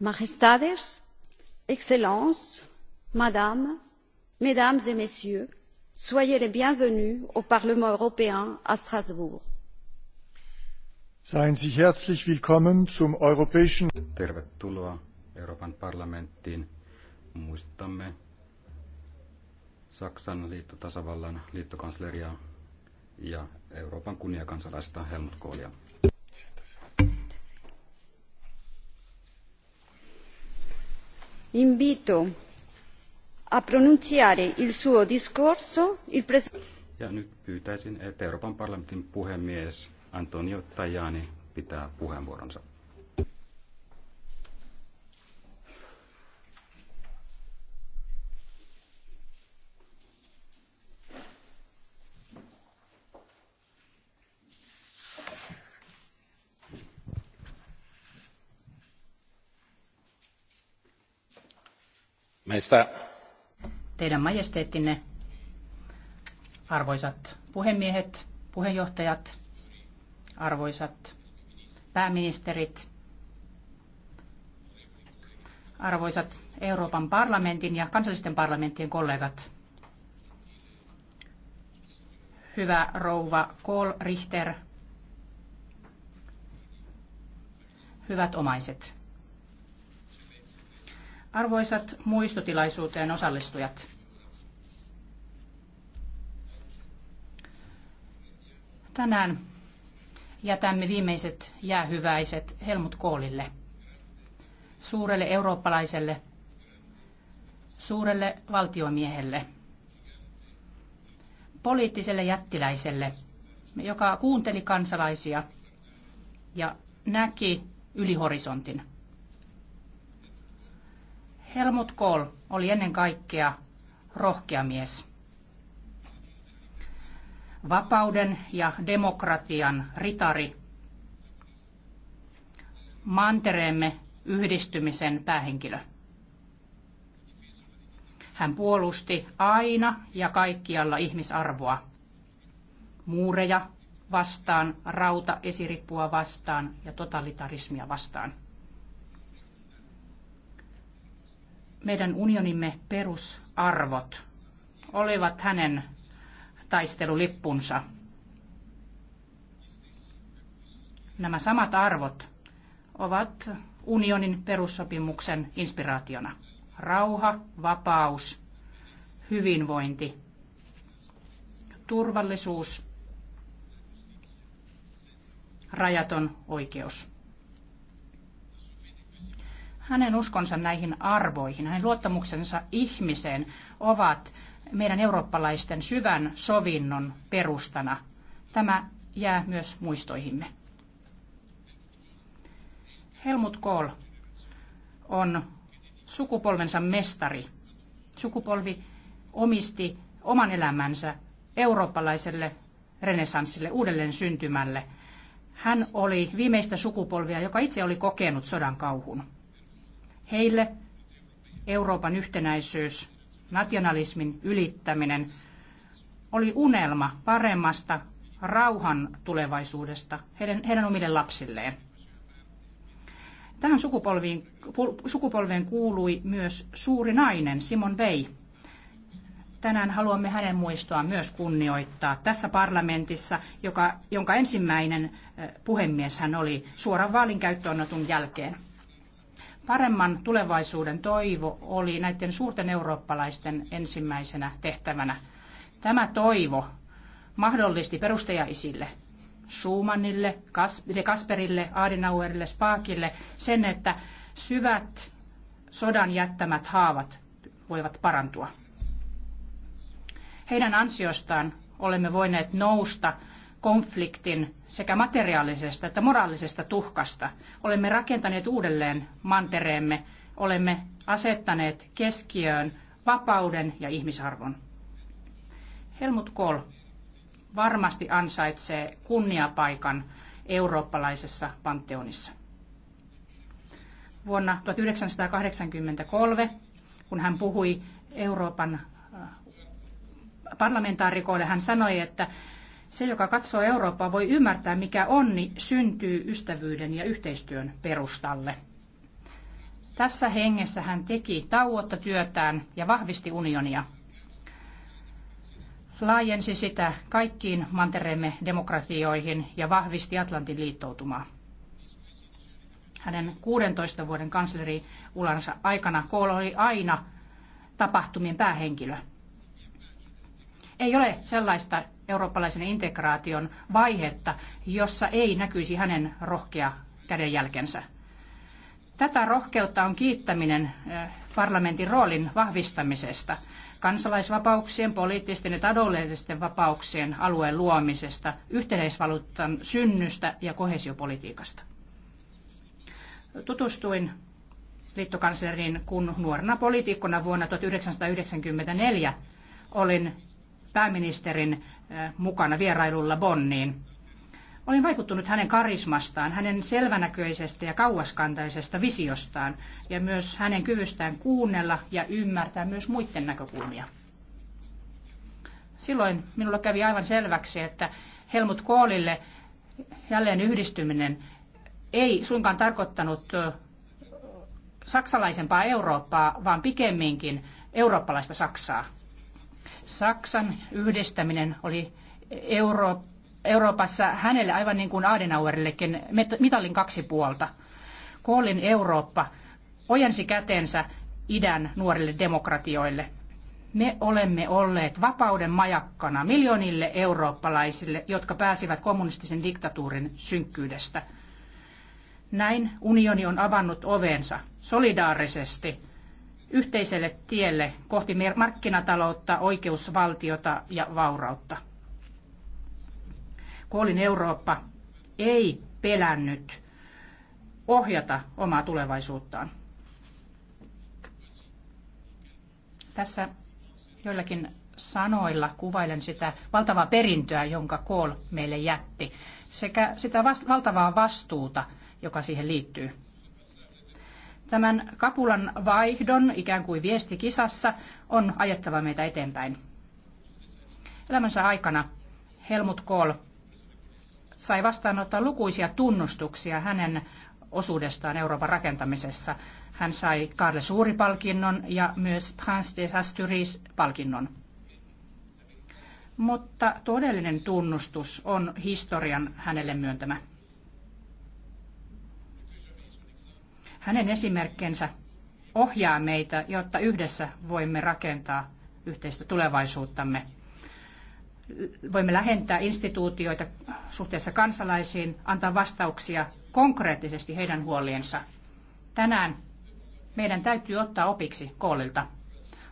Majestades, Excellences, Madame, Mesdames et Messieurs, soyez les bienvenus au Parlement européen à Strasbourg. Seien Sie herzlich willkommen zum europäischen Tervetuloa Euroopan parlamenttiin. Muistamme Saksan liittotasavallan liittokansleria ja Euroopan kunniakansalaista Helmut Kohlia. Invito a pronunziare il suo discorso il Ja nyt pyytäisin, että Euroopan parlamentin puhemies Antonio Tajani pitää puheenvuoronsa. Meistä... Teidän majesteettinne, arvoisat puhemiehet, puheenjohtajat, arvoisat pääministerit, arvoisat Euroopan parlamentin ja kansallisten parlamenttien kollegat. Hyvä rouva Kohl Richter, hyvät omaiset. Arvoisat muistotilaisuuteen osallistujat. Tänään jätämme viimeiset jäähyväiset Helmut Koolille, suurelle eurooppalaiselle, suurelle valtiomiehelle, poliittiselle jättiläiselle, joka kuunteli kansalaisia ja näki ylihorisontin. Helmut Kohl oli ennen kaikkea rohkea mies. Vapauden ja demokratian ritari. Mantereemme yhdistymisen päähenkilö. Hän puolusti aina ja kaikkialla ihmisarvoa. Muureja vastaan, rautaesirippua vastaan ja totalitarismia vastaan. meidän unionimme perusarvot olivat hänen taistelulippunsa. Nämä samat arvot ovat unionin perussopimuksen inspiraationa. Rauha, vapaus, hyvinvointi, turvallisuus, rajaton oikeus. Hänen uskonsa näihin arvoihin, hänen luottamuksensa ihmiseen ovat meidän eurooppalaisten syvän sovinnon perustana. Tämä jää myös muistoihimme. Helmut Kohl on sukupolvensa mestari. Sukupolvi omisti oman elämänsä eurooppalaiselle renessanssille, uudelleen syntymälle. Hän oli viimeistä sukupolvia, joka itse oli kokenut sodan kauhun. Heille Euroopan yhtenäisyys, nationalismin ylittäminen oli unelma paremmasta rauhan tulevaisuudesta heidän, heidän omille lapsilleen. Tähän sukupolviin, sukupolveen kuului myös suuri nainen Simon Vei. Tänään haluamme hänen muistoa myös kunnioittaa tässä parlamentissa, joka, jonka ensimmäinen eh, puhemies hän oli suoran vaalin käyttöönoton jälkeen. Paremman tulevaisuuden toivo oli näiden suurten eurooppalaisten ensimmäisenä tehtävänä. Tämä toivo mahdollisti perustajaisille, Schumannille, Kasperille, Adenauerille, Spaakille sen, että syvät sodan jättämät haavat voivat parantua. Heidän ansiostaan olemme voineet nousta konfliktin sekä materiaalisesta että moraalisesta tuhkasta. Olemme rakentaneet uudelleen mantereemme, olemme asettaneet keskiöön vapauden ja ihmisarvon. Helmut Kohl varmasti ansaitsee kunniapaikan eurooppalaisessa panteonissa. Vuonna 1983, kun hän puhui Euroopan äh, parlamentaarikoille, hän sanoi, että se, joka katsoo Eurooppaa, voi ymmärtää, mikä onni syntyy ystävyyden ja yhteistyön perustalle. Tässä hengessä hän teki tauotta työtään ja vahvisti unionia. Laajensi sitä kaikkiin mantereemme demokratioihin ja vahvisti Atlantin liittoutumaa. Hänen 16 vuoden kansleri ulansa aikana Kool oli aina tapahtumien päähenkilö – ei ole sellaista eurooppalaisen integraation vaihetta, jossa ei näkyisi hänen rohkea kädenjälkensä. Tätä rohkeutta on kiittäminen eh, parlamentin roolin vahvistamisesta, kansalaisvapauksien, poliittisten ja taloudellisten vapauksien alueen luomisesta, yhteisvaluutan synnystä ja kohesiopolitiikasta. Tutustuin liittokanslerin kun nuorena poliitikkona vuonna 1994 olin pääministerin eh, mukana vierailulla Bonniin. Olin vaikuttunut hänen karismastaan, hänen selvänäköisestä ja kauaskantaisesta visiostaan ja myös hänen kyvystään kuunnella ja ymmärtää myös muiden näkökulmia. Silloin minulla kävi aivan selväksi, että Helmut Koolille jälleen yhdistyminen ei suinkaan tarkoittanut eh, saksalaisempaa Eurooppaa, vaan pikemminkin eurooppalaista Saksaa. Saksan yhdistäminen oli Euro- Euroopassa hänelle aivan niin kuin Adenauerillekin mitalin kaksi puolta. Koolin Eurooppa ojensi kätensä idän nuorille demokratioille. Me olemme olleet vapauden majakkana miljoonille eurooppalaisille, jotka pääsivät kommunistisen diktatuurin synkkyydestä. Näin unioni on avannut ovensa solidaarisesti – yhteiselle tielle kohti markkinataloutta, oikeusvaltiota ja vaurautta. Kuolin Eurooppa ei pelännyt ohjata omaa tulevaisuuttaan. Tässä joillakin sanoilla kuvailen sitä valtavaa perintöä, jonka Kool meille jätti, sekä sitä vast- valtavaa vastuuta, joka siihen liittyy. Tämän kapulan vaihdon, ikään kuin viesti kisassa, on ajettava meitä eteenpäin. Elämänsä aikana Helmut Kohl sai vastaanottaa lukuisia tunnustuksia hänen osuudestaan Euroopan rakentamisessa. Hän sai Karle Suuri-palkinnon ja myös Prince des Asturies-palkinnon. Mutta todellinen tunnustus on historian hänelle myöntämä. Hänen esimerkkinsä ohjaa meitä, jotta yhdessä voimme rakentaa yhteistä tulevaisuuttamme. Voimme lähentää instituutioita suhteessa kansalaisiin, antaa vastauksia konkreettisesti heidän huoliensa. Tänään meidän täytyy ottaa opiksi koolilta.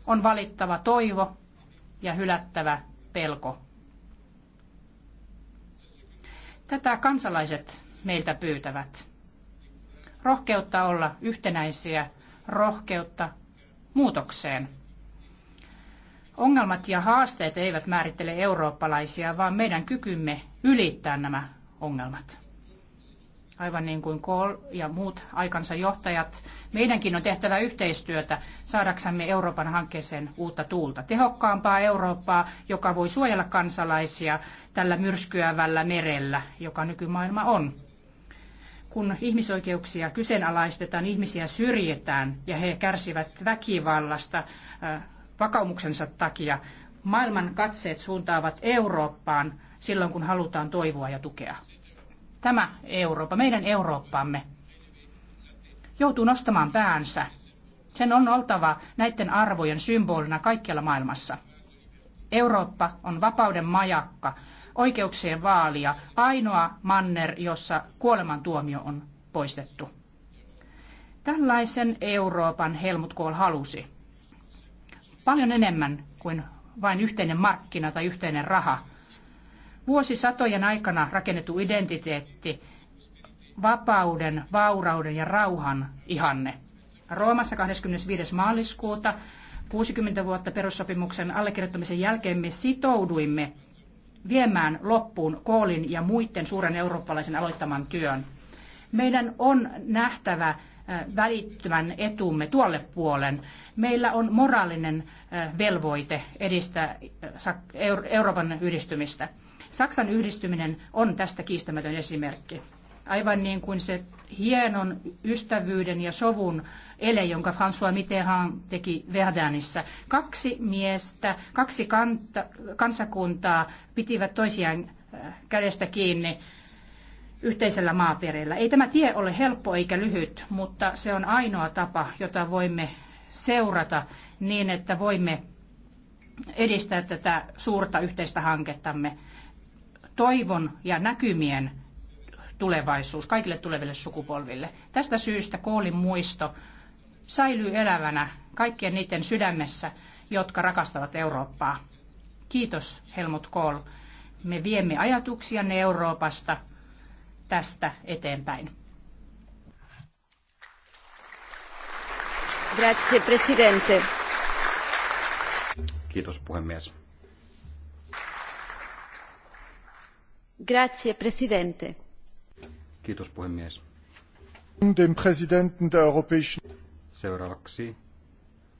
On valittava toivo ja hylättävä pelko. Tätä kansalaiset meiltä pyytävät rohkeutta olla yhtenäisiä, rohkeutta muutokseen. Ongelmat ja haasteet eivät määrittele eurooppalaisia, vaan meidän kykymme ylittää nämä ongelmat. Aivan niin kuin Kohl ja muut aikansa johtajat, meidänkin on tehtävä yhteistyötä saadaksemme Euroopan hankkeeseen uutta tuulta. Tehokkaampaa Eurooppaa, joka voi suojella kansalaisia tällä myrskyävällä merellä, joka nykymaailma on kun ihmisoikeuksia kyseenalaistetaan, ihmisiä syrjetään ja he kärsivät väkivallasta äh, vakaumuksensa takia. Maailman katseet suuntaavat Eurooppaan silloin, kun halutaan toivoa ja tukea. Tämä Eurooppa, meidän Eurooppamme, joutuu nostamaan päänsä. Sen on oltava näiden arvojen symbolina kaikkialla maailmassa. Eurooppa on vapauden majakka, oikeuksien vaalia, ainoa manner, jossa kuolemantuomio on poistettu. Tällaisen Euroopan Helmut Kohl halusi. Paljon enemmän kuin vain yhteinen markkina tai yhteinen raha. Vuosisatojen aikana rakennettu identiteetti, vapauden, vaurauden ja rauhan ihanne. Roomassa 25. maaliskuuta 60 vuotta perussopimuksen allekirjoittamisen jälkeen me sitouduimme viemään loppuun Koolin ja muiden suuren eurooppalaisen aloittaman työn. Meidän on nähtävä äh, välittömän etumme tuolle puolen. Meillä on moraalinen äh, velvoite edistää äh, Euroopan yhdistymistä. Saksan yhdistyminen on tästä kiistämätön esimerkki aivan niin kuin se hienon ystävyyden ja sovun ele, jonka François Mitterrand teki Verdänissä. Kaksi miestä, kaksi kanta, kansakuntaa pitivät toisiaan äh, kädestä kiinni yhteisellä maaperällä. Ei tämä tie ole helppo eikä lyhyt, mutta se on ainoa tapa, jota voimme seurata niin, että voimme edistää tätä suurta yhteistä hankettamme toivon ja näkymien tulevaisuus kaikille tuleville sukupolville. Tästä syystä koolin muisto säilyy elävänä kaikkien niiden sydämessä, jotka rakastavat Eurooppaa. Kiitos Helmut Kohl. Me viemme ajatuksianne Euroopasta tästä eteenpäin. Grazie, presidente. Kiitos puhemies. Grazie, presidente. Kiitos puhemies. Den Präsidenten der Europäischen... Seuraavaksi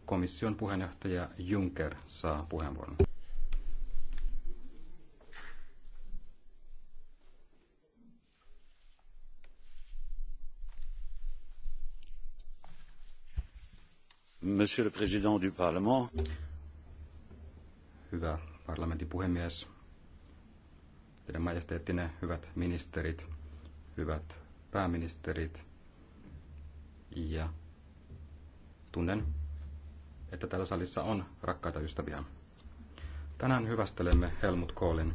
komission puheenjohtaja Juncker saa puheenvuoron. Monsieur le Président du Parlement. Hyvä parlamentin puhemies, teidän majesteettinen hyvät ministerit, hyvät pääministerit. Ja tunnen, että täällä salissa on rakkaita ystäviä. Tänään hyvästelemme Helmut Kohlin,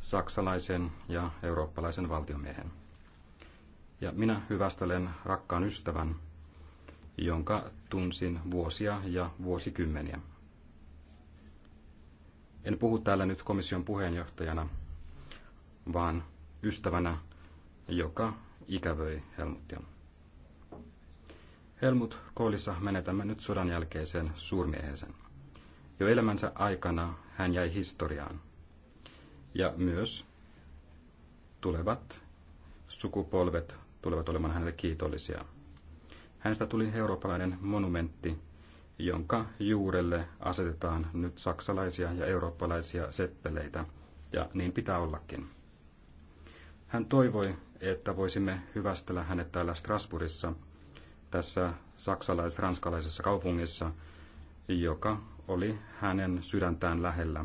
saksalaisen ja eurooppalaisen valtiomiehen. Ja minä hyvästelen rakkaan ystävän, jonka tunsin vuosia ja vuosikymmeniä. En puhu täällä nyt komission puheenjohtajana, vaan ystävänä, joka ikävöi Helmuttia. Helmut Koolissa menetämme nyt sodan jälkeiseen suurmiehensä. Jo elämänsä aikana hän jäi historiaan. Ja myös tulevat sukupolvet tulevat olemaan hänelle kiitollisia. Hänestä tuli eurooppalainen monumentti, jonka juurelle asetetaan nyt saksalaisia ja eurooppalaisia seppeleitä, ja niin pitää ollakin. Hän toivoi, että voisimme hyvästellä hänet täällä Strasbourgissa, tässä saksalais-ranskalaisessa kaupungissa, joka oli hänen sydäntään lähellä.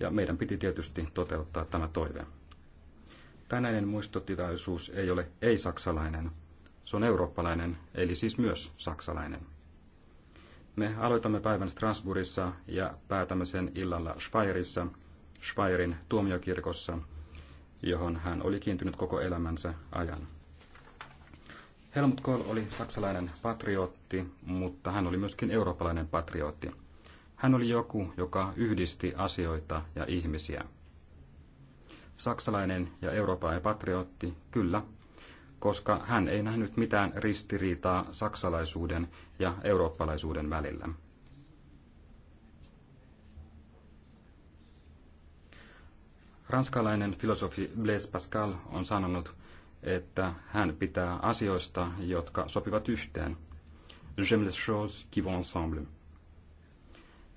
Ja meidän piti tietysti toteuttaa tämä toive. Tänäinen muistotilaisuus ei ole ei-saksalainen. Se on eurooppalainen, eli siis myös saksalainen. Me aloitamme päivän Strasbourgissa ja päätämme sen illalla Schweirissa – Speyerin tuomiokirkossa, johon hän oli kiintynyt koko elämänsä ajan. Helmut Kohl oli saksalainen patriotti, mutta hän oli myöskin eurooppalainen patriotti. Hän oli joku, joka yhdisti asioita ja ihmisiä. Saksalainen ja eurooppalainen patriotti, kyllä, koska hän ei nähnyt mitään ristiriitaa saksalaisuuden ja eurooppalaisuuden välillä. Ranskalainen filosofi Blaise Pascal on sanonut, että hän pitää asioista, jotka sopivat yhteen. J'aime les choses qui vont ensemble.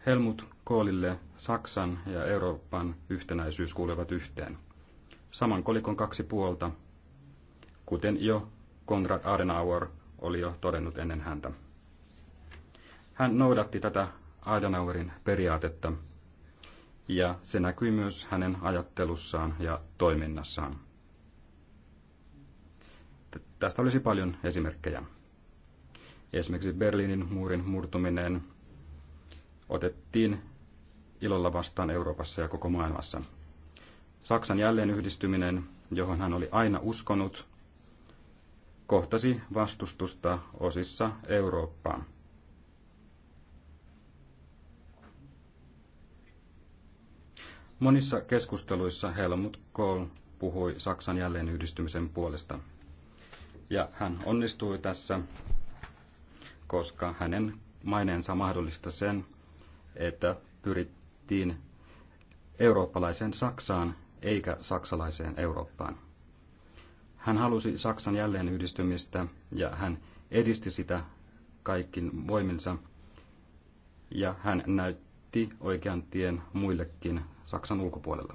Helmut Koolille Saksan ja Euroopan yhtenäisyys kuulevat yhteen. Saman kolikon kaksi puolta, kuten jo Konrad Adenauer oli jo todennut ennen häntä. Hän noudatti tätä Adenauerin periaatetta, ja se näkyi myös hänen ajattelussaan ja toiminnassaan. Tästä olisi paljon esimerkkejä. Esimerkiksi Berliinin muurin murtuminen otettiin ilolla vastaan Euroopassa ja koko maailmassa. Saksan jälleen yhdistyminen, johon hän oli aina uskonut, kohtasi vastustusta osissa Eurooppaa. Monissa keskusteluissa Helmut Kohl puhui Saksan jälleenyhdistymisen puolesta. Ja hän onnistui tässä, koska hänen maineensa mahdollista sen, että pyrittiin eurooppalaiseen Saksaan eikä saksalaiseen Eurooppaan. Hän halusi Saksan jälleenyhdistymistä ja hän edisti sitä kaikkin voiminsa ja hän näytti oikean tien muillekin Saksan ulkopuolella.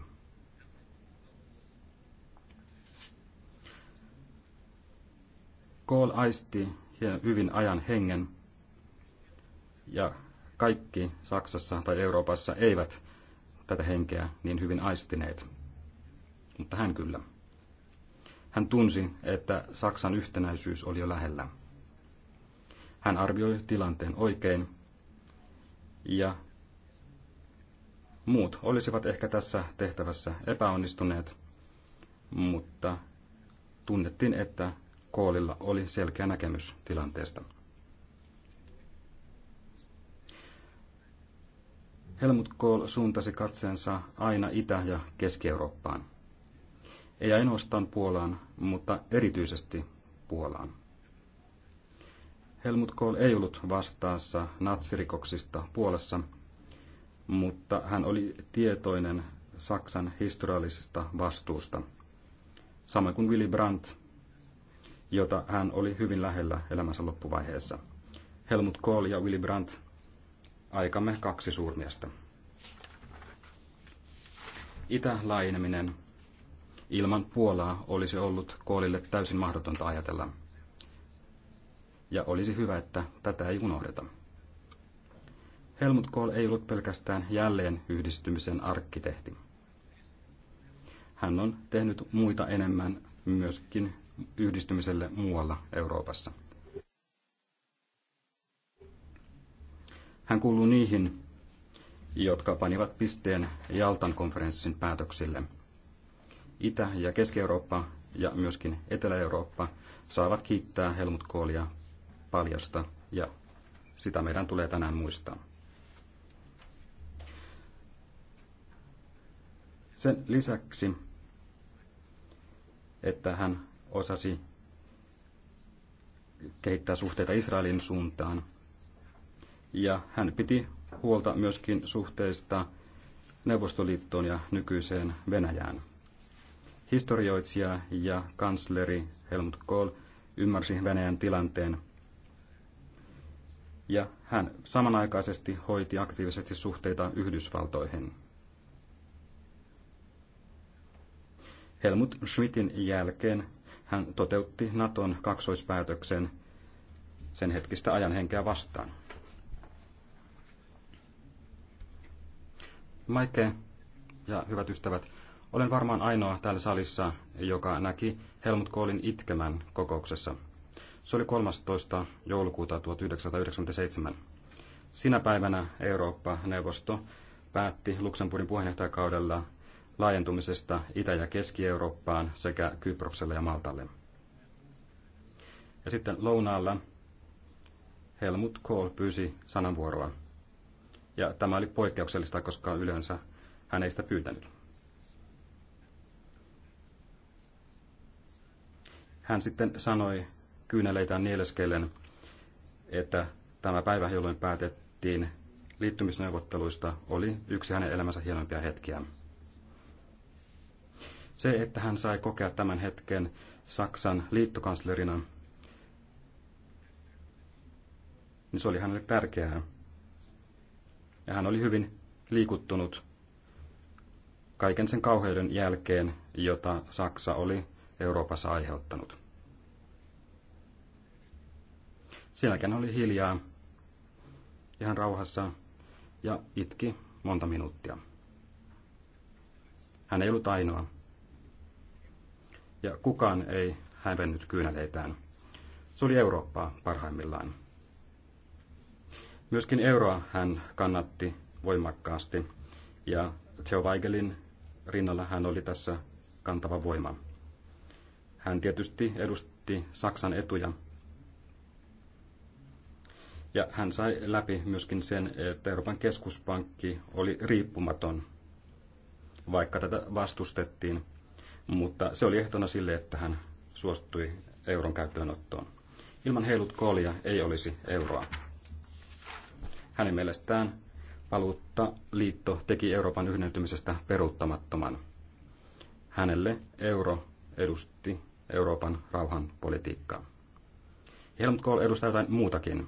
Kohl aisti hyvin ajan hengen ja kaikki Saksassa tai Euroopassa eivät tätä henkeä niin hyvin aistineet. Mutta hän kyllä. Hän tunsi, että Saksan yhtenäisyys oli jo lähellä. Hän arvioi tilanteen oikein ja Muut olisivat ehkä tässä tehtävässä epäonnistuneet, mutta tunnettiin, että Koolilla oli selkeä näkemys tilanteesta. Helmut Kohl suuntasi katseensa aina Itä- ja Keski-Eurooppaan. Ei ainoastaan Puolaan, mutta erityisesti Puolaan. Helmut Kohl ei ollut vastaassa natsirikoksista Puolassa – mutta hän oli tietoinen Saksan historiallisesta vastuusta, samoin kuin Willy Brandt, jota hän oli hyvin lähellä elämänsä loppuvaiheessa. Helmut Kohl ja Willy Brandt, aikamme kaksi suurmiestä. Itälaineminen ilman Puolaa olisi ollut Koolille täysin mahdotonta ajatella. Ja olisi hyvä, että tätä ei unohdeta. Helmut Kohl ei ollut pelkästään jälleen yhdistymisen arkkitehti. Hän on tehnyt muita enemmän myöskin yhdistymiselle muualla Euroopassa. Hän kuuluu niihin, jotka panivat pisteen Jaltan konferenssin päätöksille. Itä- ja Keski-Eurooppa ja myöskin Etelä-Eurooppa saavat kiittää Helmut Kohlia paljosta ja sitä meidän tulee tänään muistaa. Sen lisäksi, että hän osasi kehittää suhteita Israelin suuntaan. Ja hän piti huolta myöskin suhteista Neuvostoliittoon ja nykyiseen Venäjään. Historioitsija ja kansleri Helmut Kohl ymmärsi Venäjän tilanteen ja hän samanaikaisesti hoiti aktiivisesti suhteita Yhdysvaltoihin. Helmut Schmidtin jälkeen hän toteutti Naton kaksoispäätöksen sen hetkistä ajanhenkeä vastaan. Maike ja hyvät ystävät, olen varmaan ainoa täällä salissa, joka näki Helmut Koolin itkemän kokouksessa. Se oli 13. joulukuuta 1997. Sinä päivänä Eurooppa-neuvosto päätti Luxemburgin puheenjohtajakaudella laajentumisesta Itä- ja Keski-Eurooppaan sekä Kyprokselle ja Maltalle. Ja sitten lounaalla Helmut Kohl pyysi sananvuoroa. Ja tämä oli poikkeuksellista, koska yleensä hän ei sitä pyytänyt. Hän sitten sanoi kyyneleitään nieleskellen, että tämä päivä, jolloin päätettiin liittymisneuvotteluista, oli yksi hänen elämänsä hienoimpia hetkiä. Se, että hän sai kokea tämän hetken Saksan liittokanslerina, niin se oli hänelle tärkeää. Ja hän oli hyvin liikuttunut kaiken sen kauheuden jälkeen, jota Saksa oli Euroopassa aiheuttanut. Sen jälkeen oli hiljaa, ihan rauhassa ja itki monta minuuttia. Hän ei ollut ainoa ja kukaan ei hävennyt kyyneleitään. Se oli Eurooppaa parhaimmillaan. Myöskin euroa hän kannatti voimakkaasti ja Theo Weigelin rinnalla hän oli tässä kantava voima. Hän tietysti edusti Saksan etuja. Ja hän sai läpi myöskin sen, että Euroopan keskuspankki oli riippumaton, vaikka tätä vastustettiin mutta se oli ehtona sille, että hän suostui euron käyttöönottoon. Ilman heilut koolia ei olisi euroa. Hänen mielestään paluutta liitto teki Euroopan yhdentymisestä peruuttamattoman. Hänelle euro edusti Euroopan rauhan politiikkaa. Helmut Kohl edustaa jotain muutakin.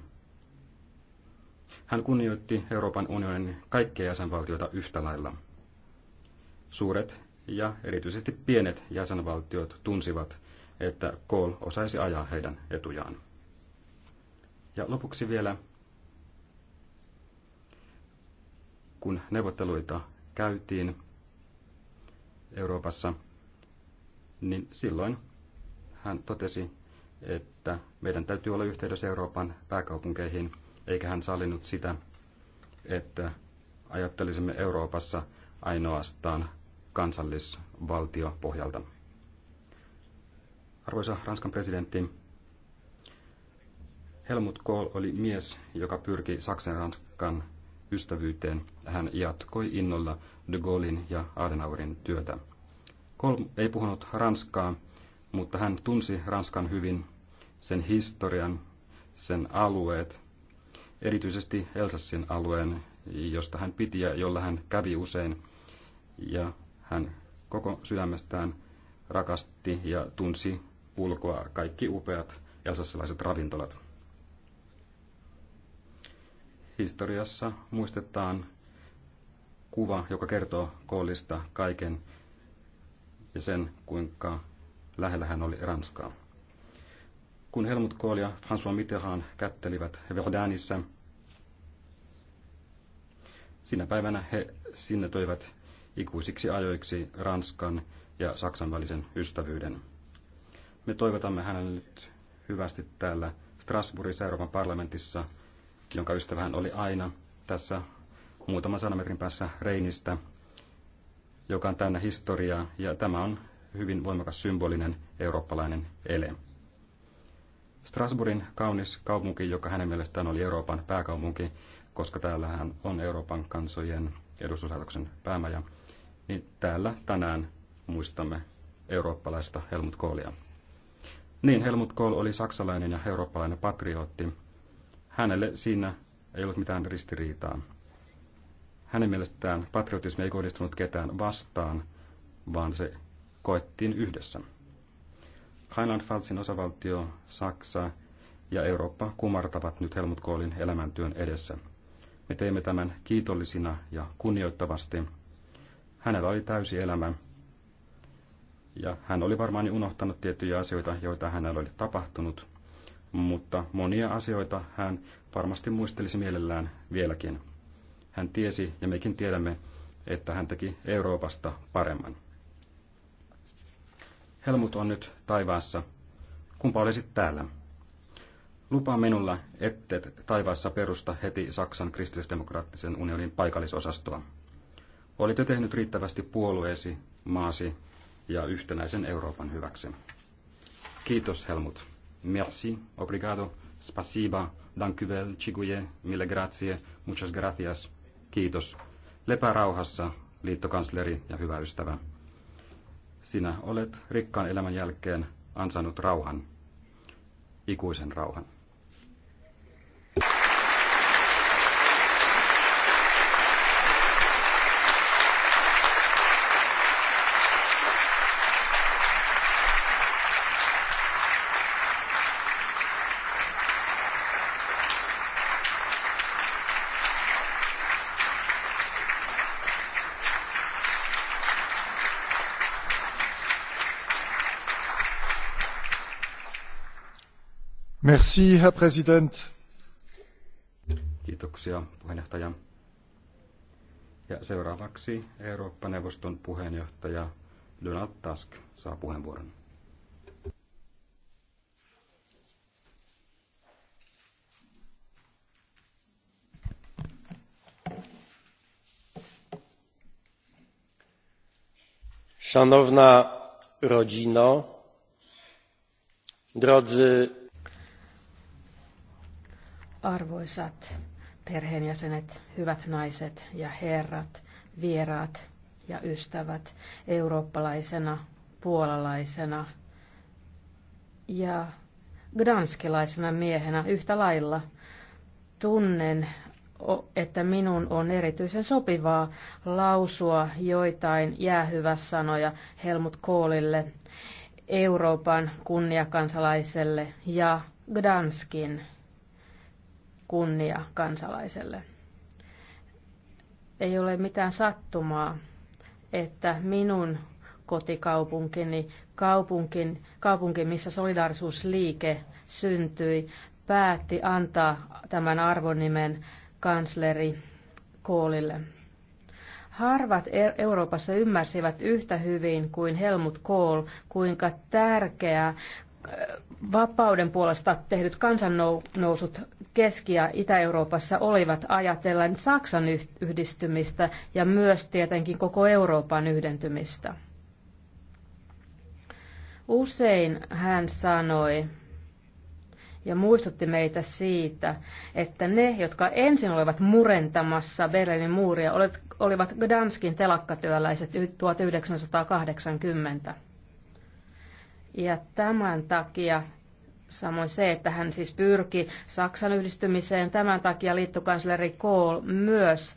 Hän kunnioitti Euroopan unionin kaikkia jäsenvaltioita yhtä lailla. Suuret ja erityisesti pienet jäsenvaltiot tunsivat, että Kohl osaisi ajaa heidän etujaan. Ja lopuksi vielä, kun neuvotteluita käytiin Euroopassa, niin silloin hän totesi, että meidän täytyy olla yhteydessä Euroopan pääkaupunkeihin, eikä hän sallinut sitä, että ajattelisimme Euroopassa ainoastaan pohjalta. Arvoisa Ranskan presidentti, Helmut Kohl oli mies, joka pyrki Saksan-Ranskan ystävyyteen. Hän jatkoi innolla de Gaullein ja Adenauerin työtä. Kohl ei puhunut ranskaa, mutta hän tunsi Ranskan hyvin, sen historian, sen alueet, erityisesti Elsassin alueen, josta hän piti ja jolla hän kävi usein. Ja hän koko sydämestään rakasti ja tunsi ulkoa kaikki upeat elsassalaiset ravintolat. Historiassa muistetaan kuva, joka kertoo koolista kaiken ja sen, kuinka lähellä hän oli Ranskaa. Kun Helmut Kohl ja François Mitterrand kättelivät Verdanissä, sinä päivänä he sinne toivat ikuisiksi ajoiksi Ranskan ja Saksan välisen ystävyyden. Me toivotamme hänelle nyt hyvästi täällä Strasbourgin Euroopan parlamentissa, jonka ystävä hän oli aina tässä muutaman sanametrin päässä Reinistä, joka on täynnä historiaa, ja tämä on hyvin voimakas symbolinen eurooppalainen ele. Strasbourgin kaunis kaupunki, joka hänen mielestään oli Euroopan pääkaupunki, koska täällä hän on Euroopan kansojen edustuslaitoksen päämaja, niin täällä tänään muistamme eurooppalaista Helmut Kohlia. Niin, Helmut Kohl oli saksalainen ja eurooppalainen patriotti. Hänelle siinä ei ollut mitään ristiriitaa. Hänen mielestään patriotismi ei kohdistunut ketään vastaan, vaan se koettiin yhdessä. Rheinland-Pfalzin osavaltio, Saksa ja Eurooppa kumartavat nyt Helmut Kohlin elämäntyön edessä. Me teimme tämän kiitollisina ja kunnioittavasti – Hänellä oli täysi elämä ja hän oli varmaan unohtanut tiettyjä asioita, joita hänellä oli tapahtunut, mutta monia asioita hän varmasti muistelisi mielellään vieläkin. Hän tiesi, ja mekin tiedämme, että hän teki Euroopasta paremman. Helmut on nyt taivaassa. Kumpa olisit täällä? Lupaa minulla, ettei taivaassa perusta heti Saksan kristillisdemokraattisen unionin paikallisosastoa. Olit jo tehnyt riittävästi puolueesi, maasi ja yhtenäisen Euroopan hyväksi. Kiitos Helmut. Merci, obrigado, spasiba, dankyvel, chiguye, mille grazie, muchas gracias. Kiitos. Lepää rauhassa, liittokansleri ja hyvä ystävä. Sinä olet rikkaan elämän jälkeen ansainnut rauhan, ikuisen rauhan. Merci, Herr Kiitoksia, puheenjohtaja. Ja seuraavaksi Eurooppa-neuvoston puheenjohtaja Donald Tusk saa puheenvuoron. Szanowna rodzino, drodzy Arvoisat perheenjäsenet, hyvät naiset ja herrat, vieraat ja ystävät, eurooppalaisena, puolalaisena ja gdanskilaisena miehenä yhtä lailla tunnen, että minun on erityisen sopivaa lausua joitain jäähyvässanoja Helmut Koolille, Euroopan kunniakansalaiselle ja Gdanskin kunnia kansalaiselle. Ei ole mitään sattumaa, että minun kotikaupunkini, kaupunkin, kaupunki, missä solidarisuusliike syntyi, päätti antaa tämän arvonimen kansleri Koolille. Harvat e- Euroopassa ymmärsivät yhtä hyvin kuin Helmut Kohl, kuinka tärkeää vapauden puolesta tehdyt kansannousut Keski- ja Itä-Euroopassa olivat ajatellen Saksan yhdistymistä ja myös tietenkin koko Euroopan yhdentymistä. Usein hän sanoi ja muistutti meitä siitä, että ne, jotka ensin olivat murentamassa Berliinin muuria, olivat Gdanskin telakkatyöläiset 1980. Ja tämän takia Samoin se, että hän siis pyrki Saksan yhdistymiseen. Tämän takia liittokansleri Kohl myös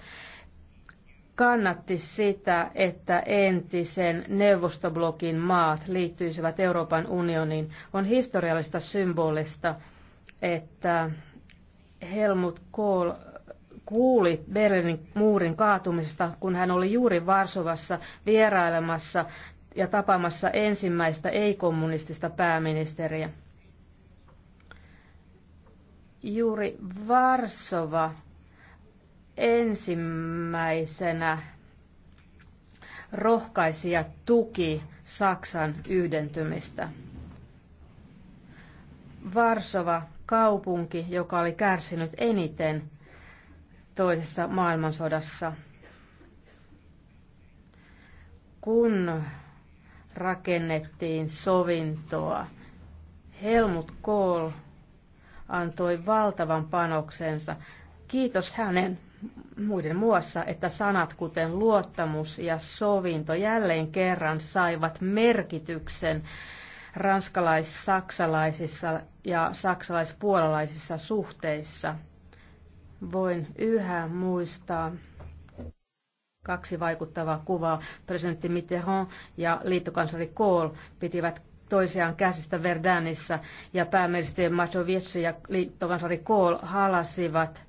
kannatti sitä, että entisen neuvostoblokin maat liittyisivät Euroopan unioniin. On historiallista symbolista, että Helmut Kohl kuuli Berlinin muurin kaatumisesta, kun hän oli juuri Varsovassa vierailemassa ja tapaamassa ensimmäistä ei-kommunistista pääministeriä. Juuri Varsova ensimmäisenä rohkaisi ja tuki Saksan yhdentymistä. Varsova kaupunki, joka oli kärsinyt eniten toisessa maailmansodassa. Kun rakennettiin sovintoa. Helmut Kohl antoi valtavan panoksensa. Kiitos hänen muiden muassa, että sanat kuten luottamus ja sovinto jälleen kerran saivat merkityksen ranskalais-saksalaisissa ja saksalais-puolalaisissa suhteissa. Voin yhä muistaa kaksi vaikuttavaa kuvaa. Presidentti Mitterrand ja liittokansari Kohl pitivät toisiaan käsistä Verdänissä ja pääministeri Macovici ja liittokansari Kohl halasivat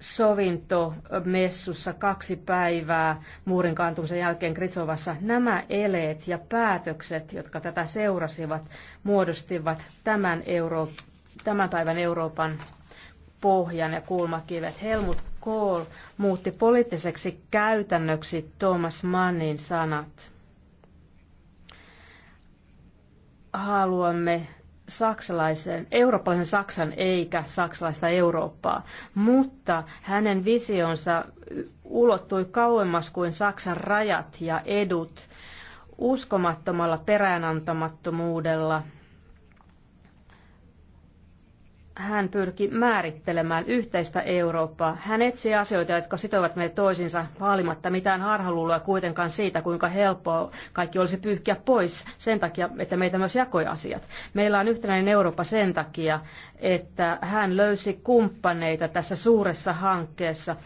sovintomessussa kaksi päivää muurin kaantumisen jälkeen Kritsovassa. Nämä eleet ja päätökset, jotka tätä seurasivat, muodostivat tämän, Euro- tämän päivän Euroopan pohjan ja kulmakivet. Helmut Kohl muutti poliittiseksi käytännöksi Thomas Mannin sanat. Haluamme saksalaisen, eurooppalaisen Saksan eikä saksalaista Eurooppaa, mutta hänen visionsa ulottui kauemmas kuin Saksan rajat ja edut uskomattomalla peräänantamattomuudella – hän pyrki määrittelemään yhteistä Eurooppaa. Hän etsi asioita, jotka sitovat meitä toisinsa vaalimatta mitään harhaluuloja kuitenkaan siitä, kuinka helppoa kaikki olisi pyyhkiä pois sen takia, että meitä myös jakoi asiat. Meillä on yhtenäinen Eurooppa sen takia, että hän löysi kumppaneita tässä suuressa hankkeessa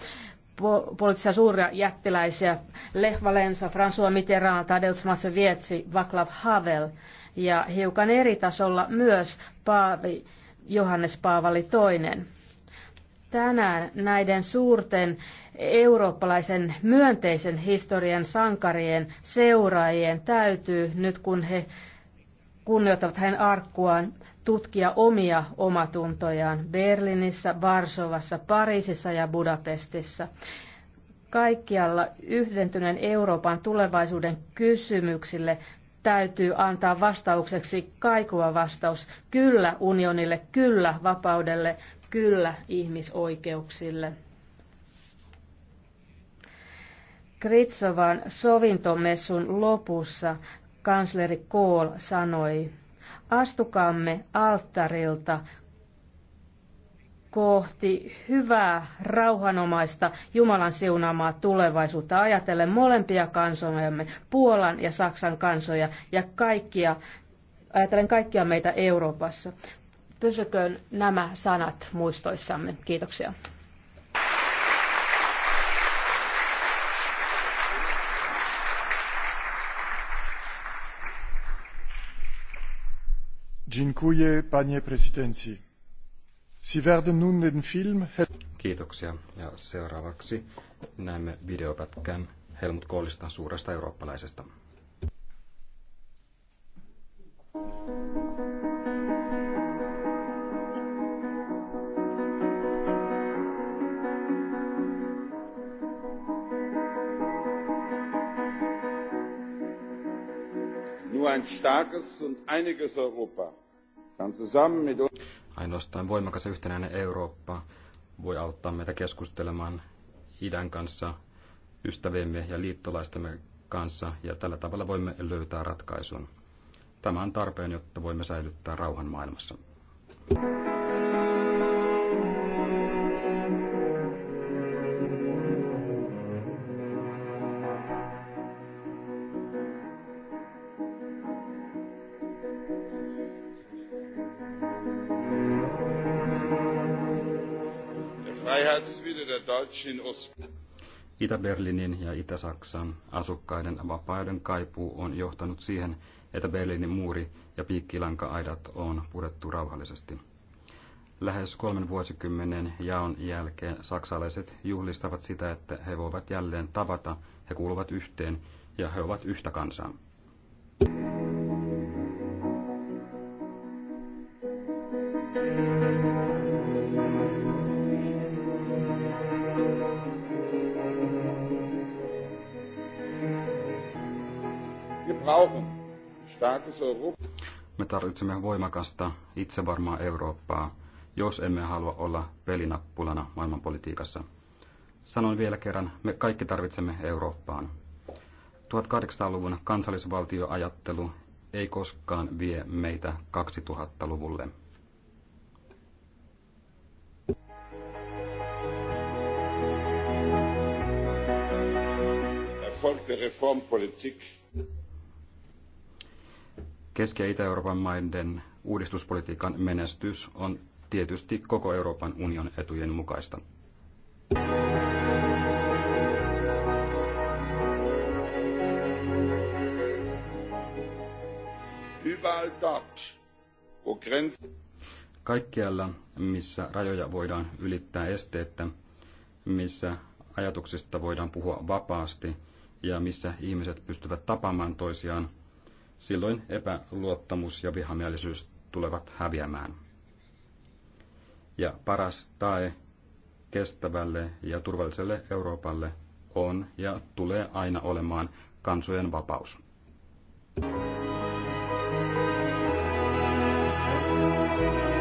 poliittisia suuria jättiläisiä, Lech Valensa, François Mitterrand, Tadeusz Masevietsi, Vaclav Havel ja hiukan eri tasolla myös Paavi Johannes Paavali II. Tänään näiden suurten eurooppalaisen myönteisen historian sankarien seuraajien täytyy, nyt kun he kunnioittavat hänen arkkuaan, tutkia omia omatuntojaan Berliinissä, Varsovassa, Pariisissa ja Budapestissa. Kaikkialla yhdentyneen Euroopan tulevaisuuden kysymyksille täytyy antaa vastaukseksi kaikuva vastaus. Kyllä unionille, kyllä vapaudelle, kyllä ihmisoikeuksille. Kritsovan sovintomessun lopussa kansleri Kohl sanoi, astukaamme alttarilta kohti hyvää, rauhanomaista, Jumalan siunaamaa tulevaisuutta ajatellen molempia kansojamme, Puolan ja Saksan kansoja ja kaikkia, ajatellen kaikkia meitä Euroopassa. Pysyköön nämä sanat muistoissamme. Kiitoksia. Dziękuję panie prezydencji. Sie werden nun den Film... Kiitoksia. Ja seuraavaksi näemme videopätkän Helmut Kollista suuresta eurooppalaisesta. Nur ein starkes und einiges Europa kann zusammen mit uns Ainoastaan voimakas yhtenäinen Eurooppa voi auttaa meitä keskustelemaan idän kanssa, ystäviemme ja liittolaistemme kanssa, ja tällä tavalla voimme löytää ratkaisun. Tämä on tarpeen, jotta voimme säilyttää rauhan maailmassa. Itä-Berliinin ja Itä-Saksan asukkaiden vapauden kaipuu on johtanut siihen, että Berliinin muuri ja piikkilanka-aidat on purettu rauhallisesti. Lähes kolmen vuosikymmenen jaon jälkeen saksalaiset juhlistavat sitä, että he voivat jälleen tavata, he kuuluvat yhteen ja he ovat yhtä kansaa. Me tarvitsemme voimakasta, itsevarmaa Eurooppaa, jos emme halua olla pelinappulana maailmanpolitiikassa. Sanon vielä kerran, me kaikki tarvitsemme Eurooppaan. 1800-luvun kansallisvaltioajattelu ei koskaan vie meitä 2000-luvulle. Erfolgte Reformpolitik Keski- ja Itä-Euroopan maiden uudistuspolitiikan menestys on tietysti koko Euroopan unionin etujen mukaista. Kaikkialla, missä rajoja voidaan ylittää esteettä, missä ajatuksista voidaan puhua vapaasti ja missä ihmiset pystyvät tapaamaan toisiaan – silloin epäluottamus ja vihamielisyys tulevat häviämään. Ja paras tae kestävälle ja turvalliselle Euroopalle on ja tulee aina olemaan kansojen vapaus. Thank you.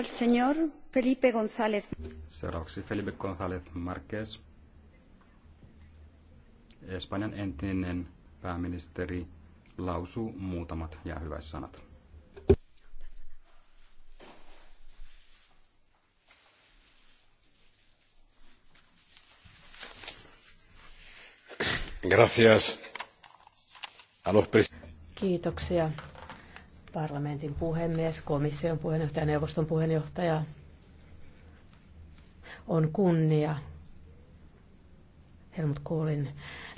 al señor Felipe González. Seuraavaksi Felipe González Marquez, Espanjan entinen pääministeri, lausuu muutamat ja hyvät sanat. Gracias a los Kiitoksia parlamentin puhemies, komission puheenjohtaja, neuvoston puheenjohtaja. On kunnia Helmut Kohlin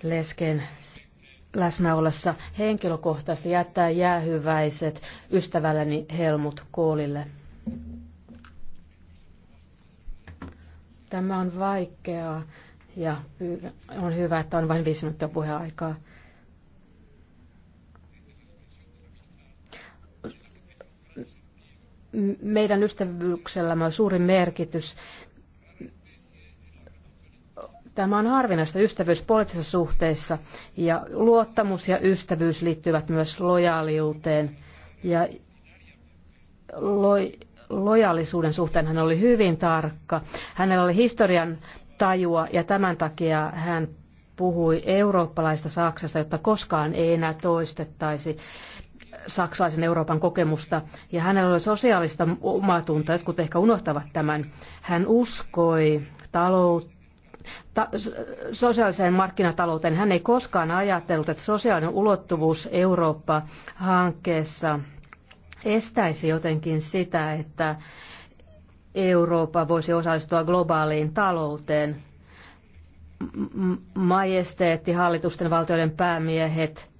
lesken läsnä ollessa henkilökohtaisesti jättää jäähyväiset ystävälleni Helmut Koolille. Tämä on vaikeaa ja on hyvä, että on vain viisi minuuttia puheaikaa. meidän ystävyyksellämme on suuri merkitys. Tämä on harvinaista ystävyys poliittisessa suhteessa ja luottamus ja ystävyys liittyvät myös lojaaliuteen. Ja lo, lojaalisuuden suhteen hän oli hyvin tarkka. Hänellä oli historian tajua ja tämän takia hän puhui eurooppalaista Saksasta, jotta koskaan ei enää toistettaisi saksalaisen Euroopan kokemusta, ja hänellä oli sosiaalista omatunta, jotkut ehkä unohtavat tämän. Hän uskoi taloutta, ta- sosiaaliseen markkinatalouteen. Hän ei koskaan ajatellut, että sosiaalinen ulottuvuus Eurooppa-hankkeessa estäisi jotenkin sitä, että Eurooppa voisi osallistua globaaliin talouteen. Majesteetti, hallitusten valtioiden päämiehet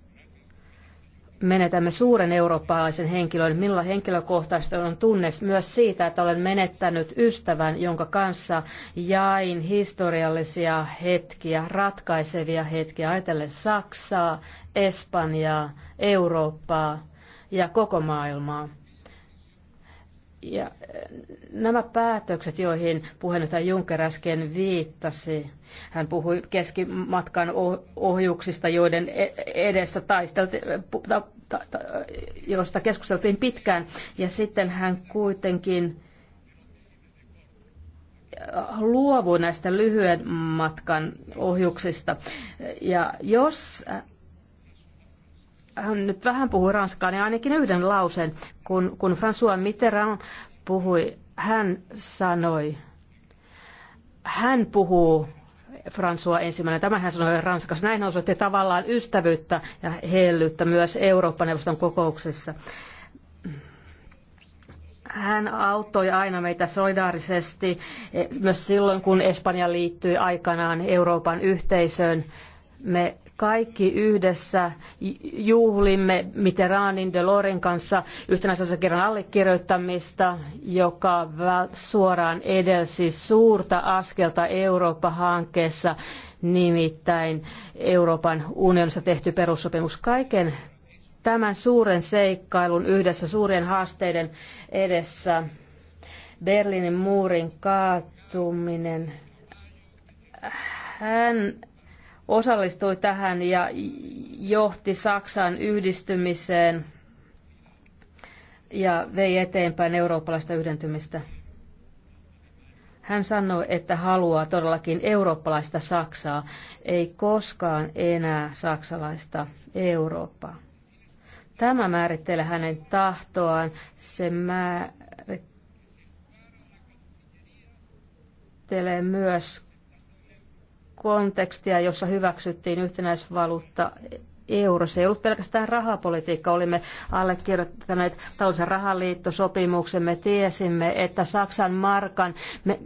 menetämme suuren eurooppalaisen henkilön. Minulla henkilökohtaisesti on tunne myös siitä, että olen menettänyt ystävän, jonka kanssa jain historiallisia hetkiä, ratkaisevia hetkiä, ajatellen Saksaa, Espanjaa, Eurooppaa ja koko maailmaa. Ja eh, nämä päätökset, joihin puheenjohtaja Juncker äsken viittasi, hän puhui keskimatkan ohjuksista, joiden e-, edessä taisteltiin, eh, josta keskusteltiin pitkään, ja sitten hän kuitenkin eh, luovui näistä lyhyen matkan ohjuksista. Ja jos hän nyt vähän puhui ranskaa, niin ainakin yhden lauseen, kun, kun François Mitterrand puhui, hän sanoi, hän puhuu François ensimmäinen. tämä hän sanoi Ranskassa. Näin osoitti tavallaan ystävyyttä ja hellyyttä myös Eurooppa-neuvoston kokouksessa. Hän auttoi aina meitä solidaarisesti, eh, myös silloin kun Espanja liittyi aikanaan Euroopan yhteisöön. Me kaikki yhdessä juhlimme Mitterrandin Delorin kanssa kerran allekirjoittamista, joka suoraan edelsi suurta askelta Eurooppa-hankkeessa, nimittäin Euroopan unionissa tehty perussopimus. Kaiken tämän suuren seikkailun yhdessä suurien haasteiden edessä Berliinin muurin kaatuminen hän osallistui tähän ja johti Saksan yhdistymiseen ja vei eteenpäin eurooppalaista yhdentymistä. Hän sanoi, että haluaa todellakin eurooppalaista Saksaa, ei koskaan enää saksalaista Eurooppaa. Tämä määrittelee hänen tahtoaan, se määrittelee myös kontekstia, jossa hyväksyttiin yhtenäisvaluutta euro. Se ei ollut pelkästään rahapolitiikka. Olimme allekirjoittaneet talous- rahaliittosopimuksen. Me tiesimme, että Saksan markan, me,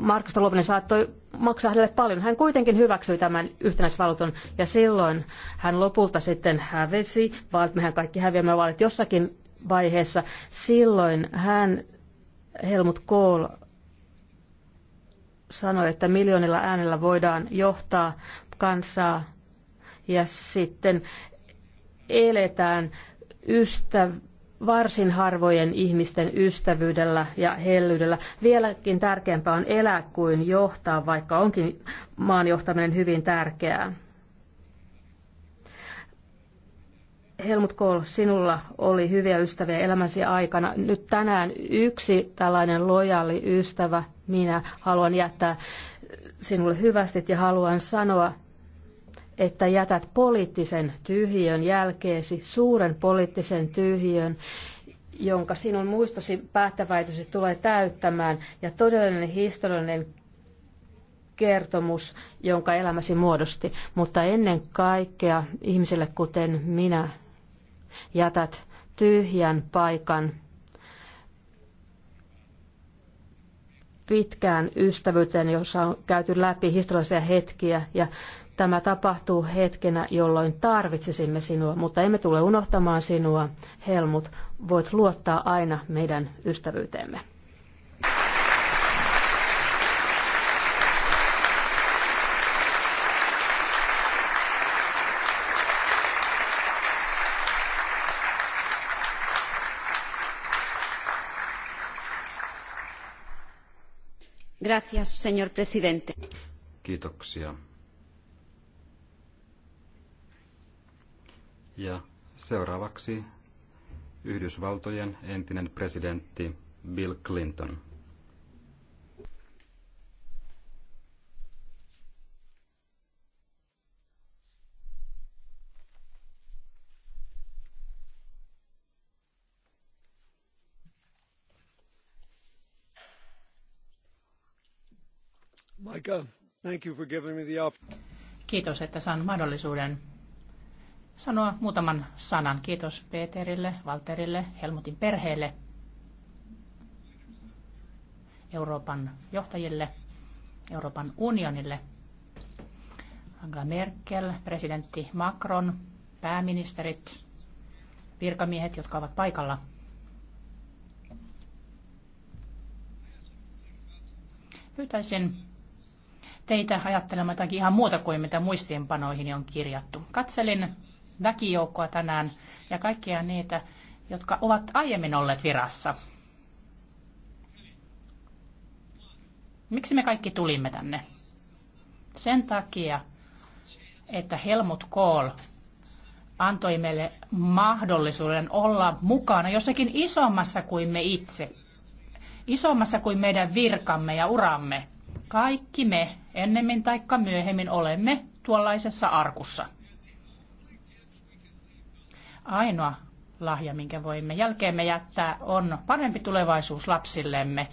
markasta Luopinen saattoi maksaa hänelle paljon. Hän kuitenkin hyväksyi tämän yhtenäisvaluuton ja silloin hän lopulta sitten hävisi Vaalit, mehän kaikki häviämme vaalit jossakin vaiheessa. Silloin hän, Helmut Kohl, sanoi, että miljoonilla äänellä voidaan johtaa kansaa ja sitten eletään ystäv- varsin harvojen ihmisten ystävyydellä ja hellyydellä. Vieläkin tärkeämpää on elää kuin johtaa, vaikka onkin maan johtaminen hyvin tärkeää. Helmut Kohl, sinulla oli hyviä ystäviä elämäsi aikana. Nyt tänään yksi tällainen lojaali ystävä, minä haluan jättää sinulle hyvästit ja haluan sanoa, että jätät poliittisen tyhjön jälkeesi, suuren poliittisen tyhjön, jonka sinun muistosi päättäväitysi tulee täyttämään, ja todellinen historiallinen kertomus, jonka elämäsi muodosti. Mutta ennen kaikkea ihmisille kuten minä, jätät tyhjän paikan pitkään ystävyyteen, jossa on käyty läpi historiallisia hetkiä ja tämä tapahtuu hetkenä, jolloin tarvitsisimme sinua, mutta emme tule unohtamaan sinua. Helmut, voit luottaa aina meidän ystävyyteemme. Gracias, señor presidente. Kiitoksia. Ja seuraavaksi Yhdysvaltojen entinen presidentti Bill Clinton. thank you for giving me the Kiitos, että saan mahdollisuuden sanoa muutaman sanan. Kiitos Peterille, Walterille, Helmutin perheelle, Euroopan johtajille, Euroopan unionille, Angela Merkel, presidentti Macron, pääministerit, virkamiehet, jotka ovat paikalla. Pyytäisin teitä ajattelemaan jotakin ihan muuta kuin mitä muistiinpanoihin on kirjattu. Katselin väkijoukkoa tänään ja kaikkia niitä, jotka ovat aiemmin olleet virassa. Miksi me kaikki tulimme tänne? Sen takia, että Helmut Kohl antoi meille mahdollisuuden olla mukana jossakin isommassa kuin me itse, isommassa kuin meidän virkamme ja uramme. Kaikki me ennemmin tai myöhemmin olemme tuollaisessa arkussa. Ainoa lahja, minkä voimme jälkeemme jättää, on parempi tulevaisuus lapsillemme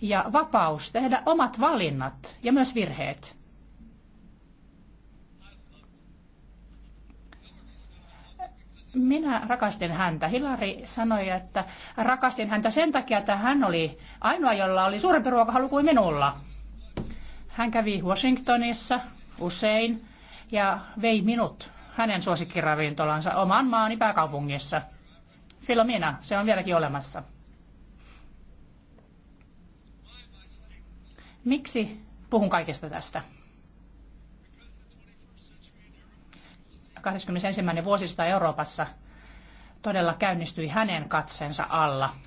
ja vapaus tehdä omat valinnat ja myös virheet. Minä rakastin häntä. Hilari sanoi, että rakastin häntä sen takia, että hän oli ainoa, jolla oli suurempi ruokahalu kuin minulla. Hän kävi Washingtonissa usein ja vei minut hänen suosikkiravintolansa oman maani pääkaupungissa. Filomena, se on vieläkin olemassa. Miksi puhun kaikesta tästä? 21. vuosista Euroopassa todella käynnistyi hänen katsensa alla –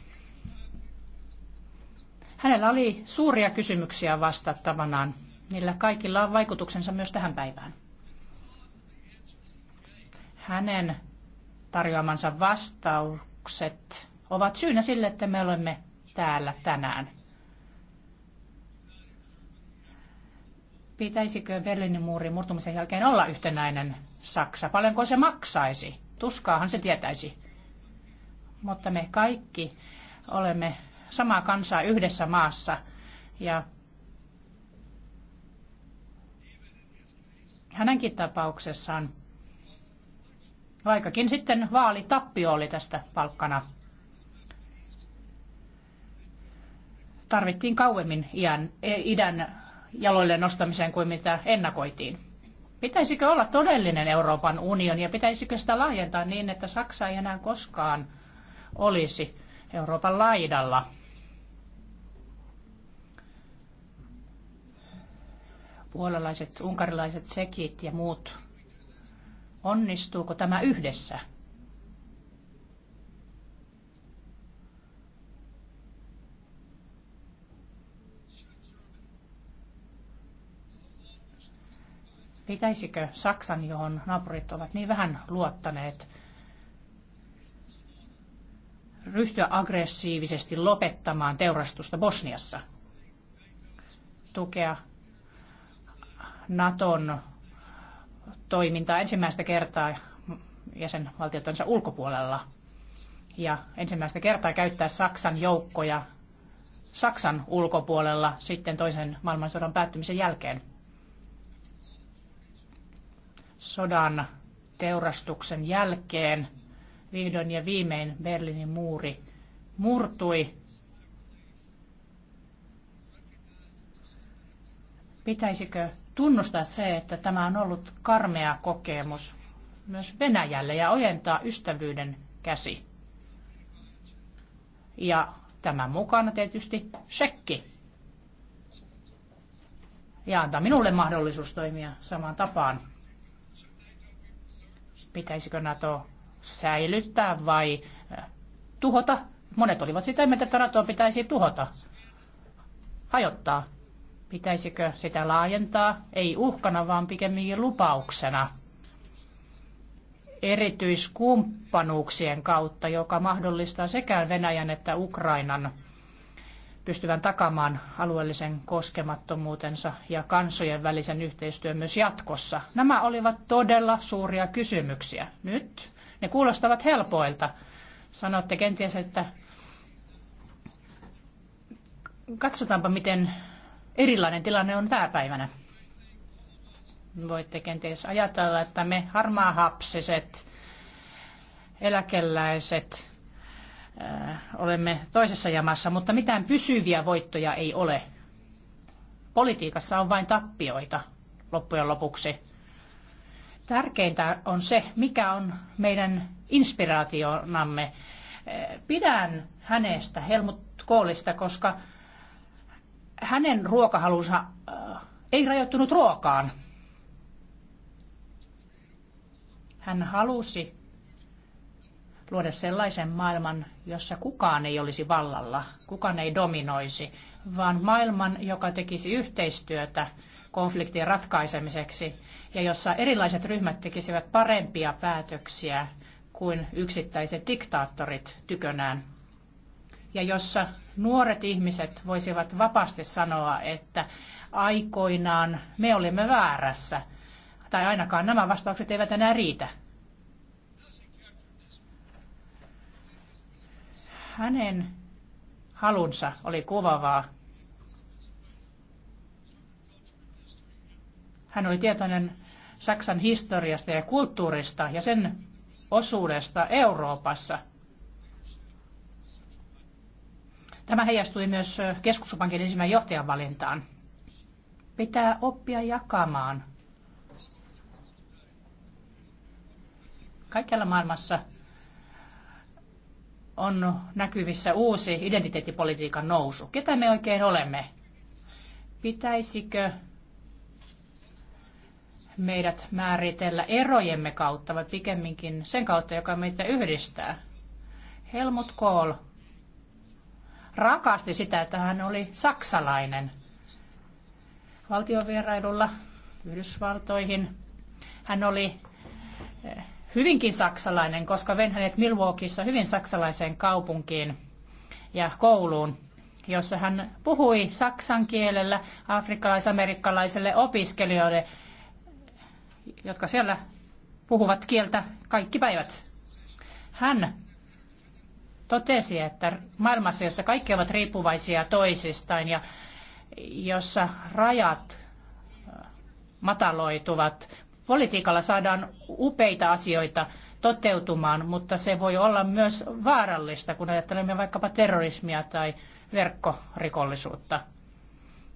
Hänellä oli suuria kysymyksiä vastattavanaan. Niillä kaikilla on vaikutuksensa myös tähän päivään. Hänen tarjoamansa vastaukset ovat syynä sille, että me olemme täällä tänään. Pitäisikö Berliinin muurin murtumisen jälkeen olla yhtenäinen Saksa? Paljonko se maksaisi? Tuskaahan se tietäisi. Mutta me kaikki olemme samaa kansaa yhdessä maassa. Ja hänenkin tapauksessaan, vaikkakin sitten vaalitappio oli tästä palkkana, tarvittiin kauemmin iän, e, idän jaloille nostamiseen kuin mitä ennakoitiin. Pitäisikö olla todellinen Euroopan unioni ja pitäisikö sitä laajentaa niin, että Saksa ei enää koskaan olisi Euroopan laidalla. Puolalaiset, unkarilaiset, sekit ja muut. Onnistuuko tämä yhdessä? Pitäisikö Saksan, johon naapurit ovat niin vähän luottaneet, ryhtyä aggressiivisesti lopettamaan teurastusta Bosniassa, tukea Naton toimintaa ensimmäistä kertaa jäsenvaltiotonsa ulkopuolella ja ensimmäistä kertaa käyttää Saksan joukkoja Saksan ulkopuolella sitten toisen maailmansodan päättymisen jälkeen. Sodan teurastuksen jälkeen vihdoin ja viimein Berliinin muuri murtui. Pitäisikö tunnustaa se, että tämä on ollut karmea kokemus myös Venäjälle ja ojentaa ystävyyden käsi? Ja tämän mukana tietysti shekki ja antaa minulle mahdollisuus toimia samaan tapaan. Pitäisikö NATO säilyttää vai tuhota. Monet olivat sitä mieltä, että ratoa pitäisi tuhota, hajottaa. Pitäisikö sitä laajentaa? Ei uhkana, vaan pikemminkin lupauksena erityiskumppanuuksien kautta, joka mahdollistaa sekä Venäjän että Ukrainan pystyvän takamaan alueellisen koskemattomuutensa ja kansojen välisen yhteistyön myös jatkossa? Nämä olivat todella suuria kysymyksiä. Nyt ne kuulostavat helpoilta. Sanotte kenties, että katsotaanpa, miten erilainen tilanne on tänä päivänä. Voitte kenties ajatella, että me harmaahapsiset eläkeläiset äh, olemme toisessa jamassa, mutta mitään pysyviä voittoja ei ole. Politiikassa on vain tappioita loppujen lopuksi Tärkeintä on se, mikä on meidän inspiraationamme. Pidän hänestä, Helmut Koolista, koska hänen ruokahalunsa äh, ei rajoittunut ruokaan. Hän halusi luoda sellaisen maailman, jossa kukaan ei olisi vallalla, kukaan ei dominoisi, vaan maailman, joka tekisi yhteistyötä konfliktien ratkaisemiseksi ja jossa erilaiset ryhmät tekisivät parempia päätöksiä kuin yksittäiset diktaattorit tykönään. Ja jossa nuoret ihmiset voisivat vapaasti sanoa, että aikoinaan me olimme väärässä, tai ainakaan nämä vastaukset eivät enää riitä. Hänen halunsa oli kuvavaa Hän oli tietoinen Saksan historiasta ja kulttuurista ja sen osuudesta Euroopassa. Tämä heijastui myös keskuspankin ensimmäisen johtajan valintaan. Pitää oppia jakamaan. Kaikella maailmassa on näkyvissä uusi identiteettipolitiikan nousu. Ketä me oikein olemme? Pitäisikö meidät määritellä erojemme kautta, vai pikemminkin sen kautta, joka meitä yhdistää. Helmut Kohl rakasti sitä, että hän oli saksalainen. Valtiovierailulla Yhdysvaltoihin hän oli eh, hyvinkin saksalainen, koska ven hänet Milwaukeeissa hyvin saksalaiseen kaupunkiin ja kouluun, jossa hän puhui saksan kielellä afrikkalais-amerikkalaiselle opiskelijoille, jotka siellä puhuvat kieltä kaikki päivät. Hän totesi, että maailmassa, jossa kaikki ovat riippuvaisia toisistaan ja jossa rajat mataloituvat, politiikalla saadaan upeita asioita toteutumaan, mutta se voi olla myös vaarallista, kun ajattelemme vaikkapa terrorismia tai verkkorikollisuutta.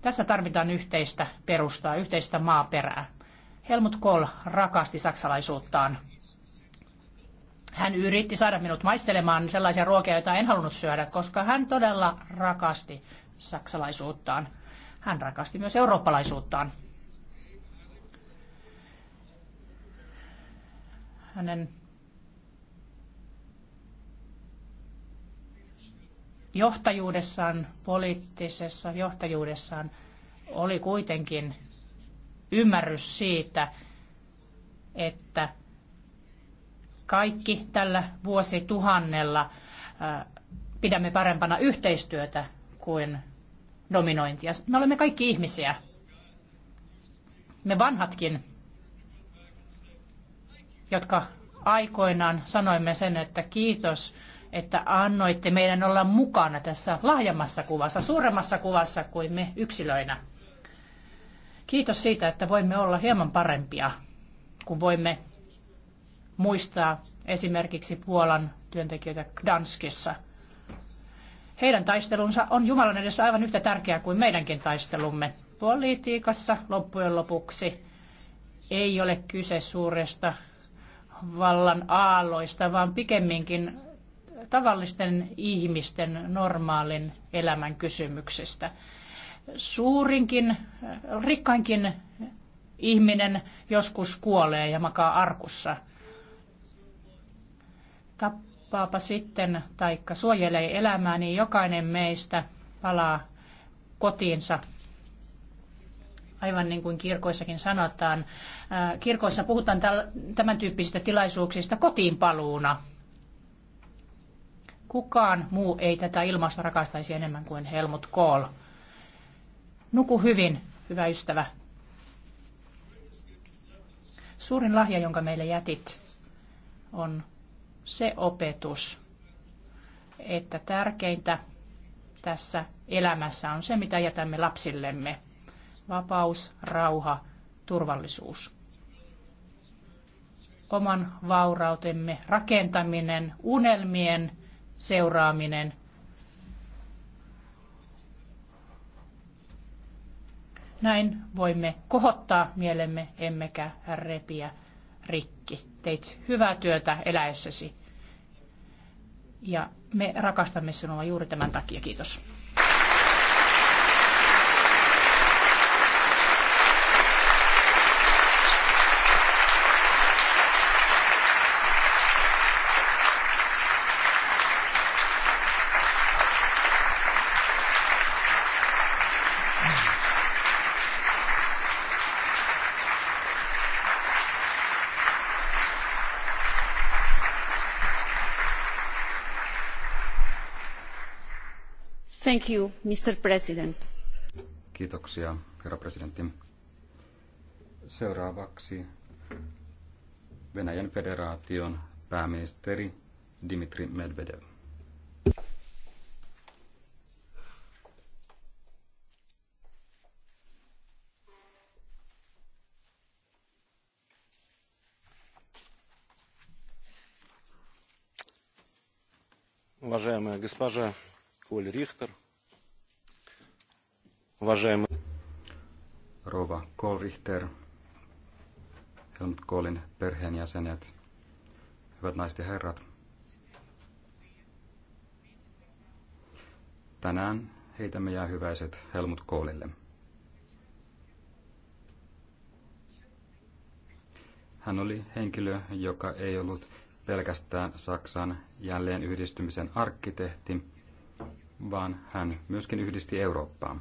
Tässä tarvitaan yhteistä perustaa, yhteistä maaperää. Helmut Kohl rakasti saksalaisuuttaan. Hän yritti saada minut maistelemaan sellaisia ruokia, joita en halunnut syödä, koska hän todella rakasti saksalaisuuttaan. Hän rakasti myös eurooppalaisuuttaan. Hänen johtajuudessaan, poliittisessa johtajuudessaan oli kuitenkin ymmärrys siitä, että kaikki tällä vuosituhannella äh, pidämme parempana yhteistyötä kuin dominointia. Me olemme kaikki ihmisiä. Me vanhatkin, jotka aikoinaan sanoimme sen, että kiitos, että annoitte meidän olla mukana tässä lahjemmassa kuvassa, suuremmassa kuvassa kuin me yksilöinä. Kiitos siitä, että voimme olla hieman parempia, kun voimme muistaa esimerkiksi Puolan työntekijöitä Danskissa Heidän taistelunsa on Jumalan edessä aivan yhtä tärkeää kuin meidänkin taistelumme. Politiikassa loppujen lopuksi ei ole kyse suuresta vallan aalloista, vaan pikemminkin tavallisten ihmisten normaalin elämän kysymyksestä suurinkin, rikkainkin ihminen joskus kuolee ja makaa arkussa. Tappaapa sitten taikka suojelee elämää, niin jokainen meistä palaa kotiinsa. Aivan niin kuin kirkoissakin sanotaan, äh, kirkoissa puhutaan tämän tyyppisistä tilaisuuksista kotiinpaluuna. Kukaan muu ei tätä ilmausta rakastaisi enemmän kuin Helmut Kohl. Nuku hyvin, hyvä ystävä. Suurin lahja, jonka meille jätit, on se opetus, että tärkeintä tässä elämässä on se, mitä jätämme lapsillemme. Vapaus, rauha, turvallisuus. Oman vaurautemme rakentaminen, unelmien seuraaminen Näin voimme kohottaa mielemme, emmekä repiä rikki. Teit hyvää työtä eläessäsi. Ja me rakastamme sinua juuri tämän takia. Kiitos. Thank you, Mr. President. Kiitoksia, herra presidentti. Seuraavaksi Venäjän federaation pääministeri Dimitri Medvedev. Уважаемая госпожа Оль Рихтер. Rova Kolrichter, Helmut Kohlin perheenjäsenet, hyvät naiset ja herrat. Tänään heitämme jäähyväiset Helmut Kohlille. Hän oli henkilö, joka ei ollut pelkästään Saksan jälleen yhdistymisen arkkitehti, vaan hän myöskin yhdisti Eurooppaa.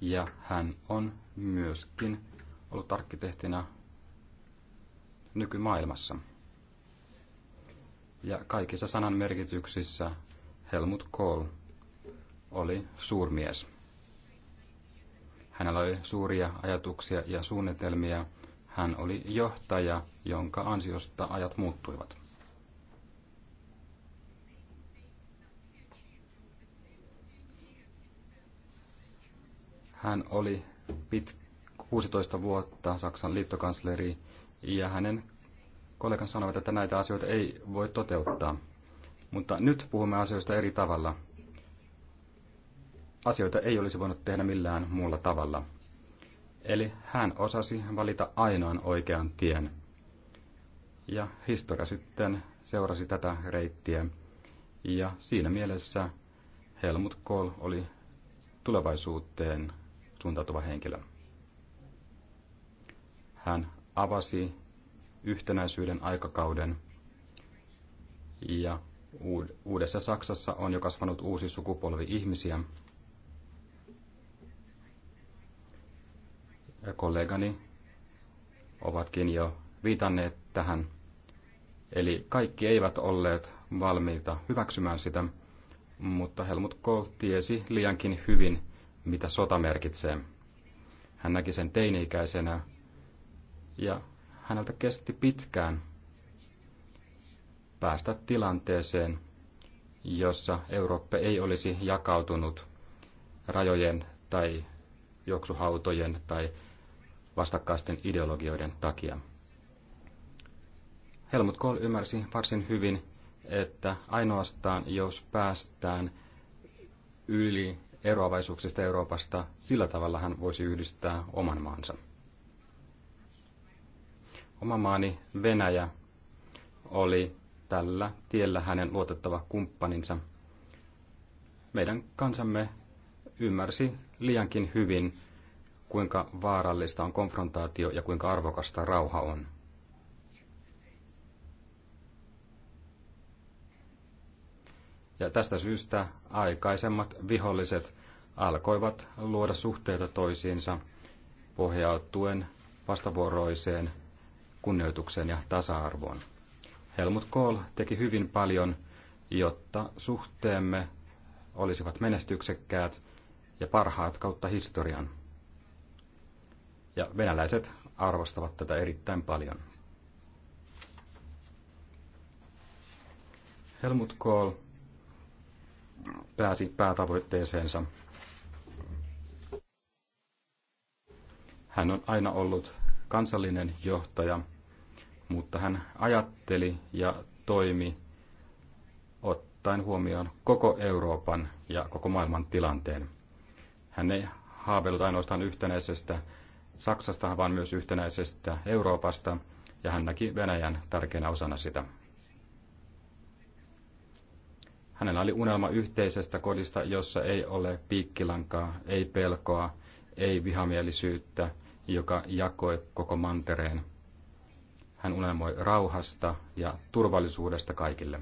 Ja hän on myöskin ollut arkkitehtina nykymaailmassa. Ja kaikissa sanan merkityksissä Helmut Kohl oli suurmies. Hänellä oli suuria ajatuksia ja suunnitelmia. Hän oli johtaja, jonka ansiosta ajat muuttuivat. Hän oli pit 16 vuotta Saksan liittokansleri ja hänen kollegansa sanoivat, että näitä asioita ei voi toteuttaa. Mutta nyt puhumme asioista eri tavalla. Asioita ei olisi voinut tehdä millään muulla tavalla. Eli hän osasi valita ainoan oikean tien. Ja historia sitten seurasi tätä reittiä. Ja siinä mielessä Helmut Kohl oli tulevaisuuteen suuntautuva henkilö. Hän avasi yhtenäisyyden aikakauden ja Uudessa Saksassa on jo kasvanut uusi sukupolvi ihmisiä. Ja kollegani ovatkin jo viitanneet tähän. Eli kaikki eivät olleet valmiita hyväksymään sitä, mutta Helmut Kohl tiesi liiankin hyvin, mitä sota merkitsee. Hän näki sen teini-ikäisenä ja häneltä kesti pitkään päästä tilanteeseen, jossa Eurooppa ei olisi jakautunut rajojen tai juoksuhautojen tai vastakkaisten ideologioiden takia. Helmut Kohl ymmärsi varsin hyvin, että ainoastaan jos päästään yli eroavaisuuksista Euroopasta, sillä tavalla hän voisi yhdistää oman maansa. Oma maani Venäjä oli tällä tiellä hänen luotettava kumppaninsa. Meidän kansamme ymmärsi liiankin hyvin, kuinka vaarallista on konfrontaatio ja kuinka arvokasta rauha on. Ja tästä syystä aikaisemmat viholliset alkoivat luoda suhteita toisiinsa pohjautuen vastavuoroiseen kunnioitukseen ja tasa-arvoon. Helmut Kohl teki hyvin paljon, jotta suhteemme olisivat menestyksekkäät ja parhaat kautta historian. Ja venäläiset arvostavat tätä erittäin paljon. Helmut Kohl pääsi päätavoitteeseensa. Hän on aina ollut kansallinen johtaja, mutta hän ajatteli ja toimi ottaen huomioon koko Euroopan ja koko maailman tilanteen. Hän ei haaveillut ainoastaan yhtenäisestä Saksasta, vaan myös yhtenäisestä Euroopasta, ja hän näki Venäjän tärkeänä osana sitä. Hänellä oli unelma yhteisestä kodista, jossa ei ole piikkilankaa, ei pelkoa, ei vihamielisyyttä, joka jakoi koko mantereen. Hän unelmoi rauhasta ja turvallisuudesta kaikille.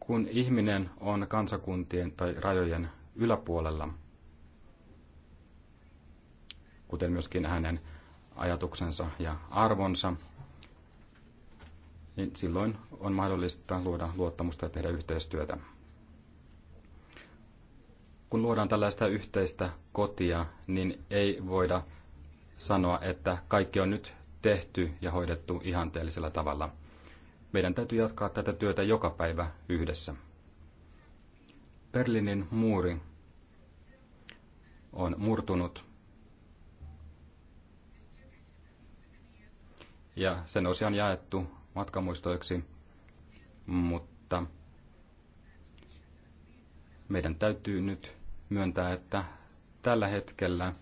Kun ihminen on kansakuntien tai rajojen yläpuolella, kuten myöskin hänen ajatuksensa ja arvonsa, niin silloin on mahdollista luoda luottamusta ja tehdä yhteistyötä. Kun luodaan tällaista yhteistä kotia, niin ei voida sanoa, että kaikki on nyt tehty ja hoidettu ihanteellisella tavalla. Meidän täytyy jatkaa tätä työtä joka päivä yhdessä. Berliinin muuri on murtunut ja sen osia on jaettu matkamuistoiksi, mutta meidän täytyy nyt myöntää, että tällä hetkellä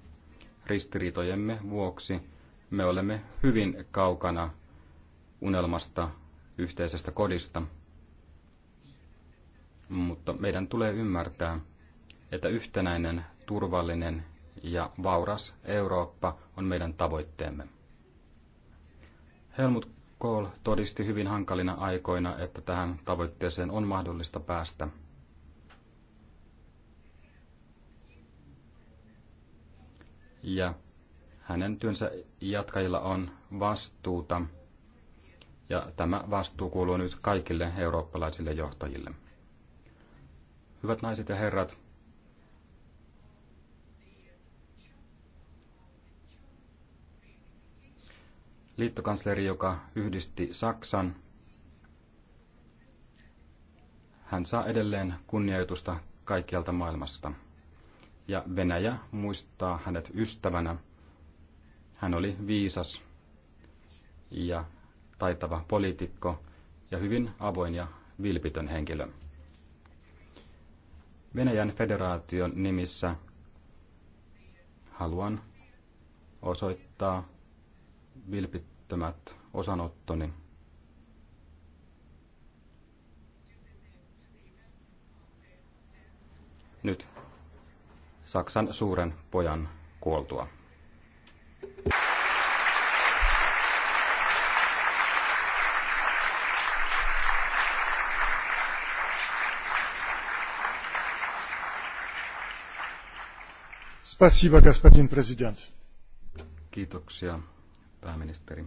ristiriitojemme vuoksi me olemme hyvin kaukana unelmasta yhteisestä kodista. Mutta meidän tulee ymmärtää, että yhtenäinen, turvallinen ja vauras Eurooppa on meidän tavoitteemme. Helmut Kohl todisti hyvin hankalina aikoina, että tähän tavoitteeseen on mahdollista päästä. Ja hänen työnsä jatkajilla on vastuuta, ja tämä vastuu kuuluu nyt kaikille eurooppalaisille johtajille. Hyvät naiset ja herrat, liittokansleri, joka yhdisti Saksan. Hän saa edelleen kunnioitusta kaikkialta maailmasta. Ja Venäjä muistaa hänet ystävänä. Hän oli viisas ja taitava poliitikko ja hyvin avoin ja vilpitön henkilö. Venäjän federaation nimissä haluan osoittaa vilpittömät osanottoni. Nyt Saksan suuren pojan kuoltua. Спасибо, господин президент. Kiitoksia, pääministeri.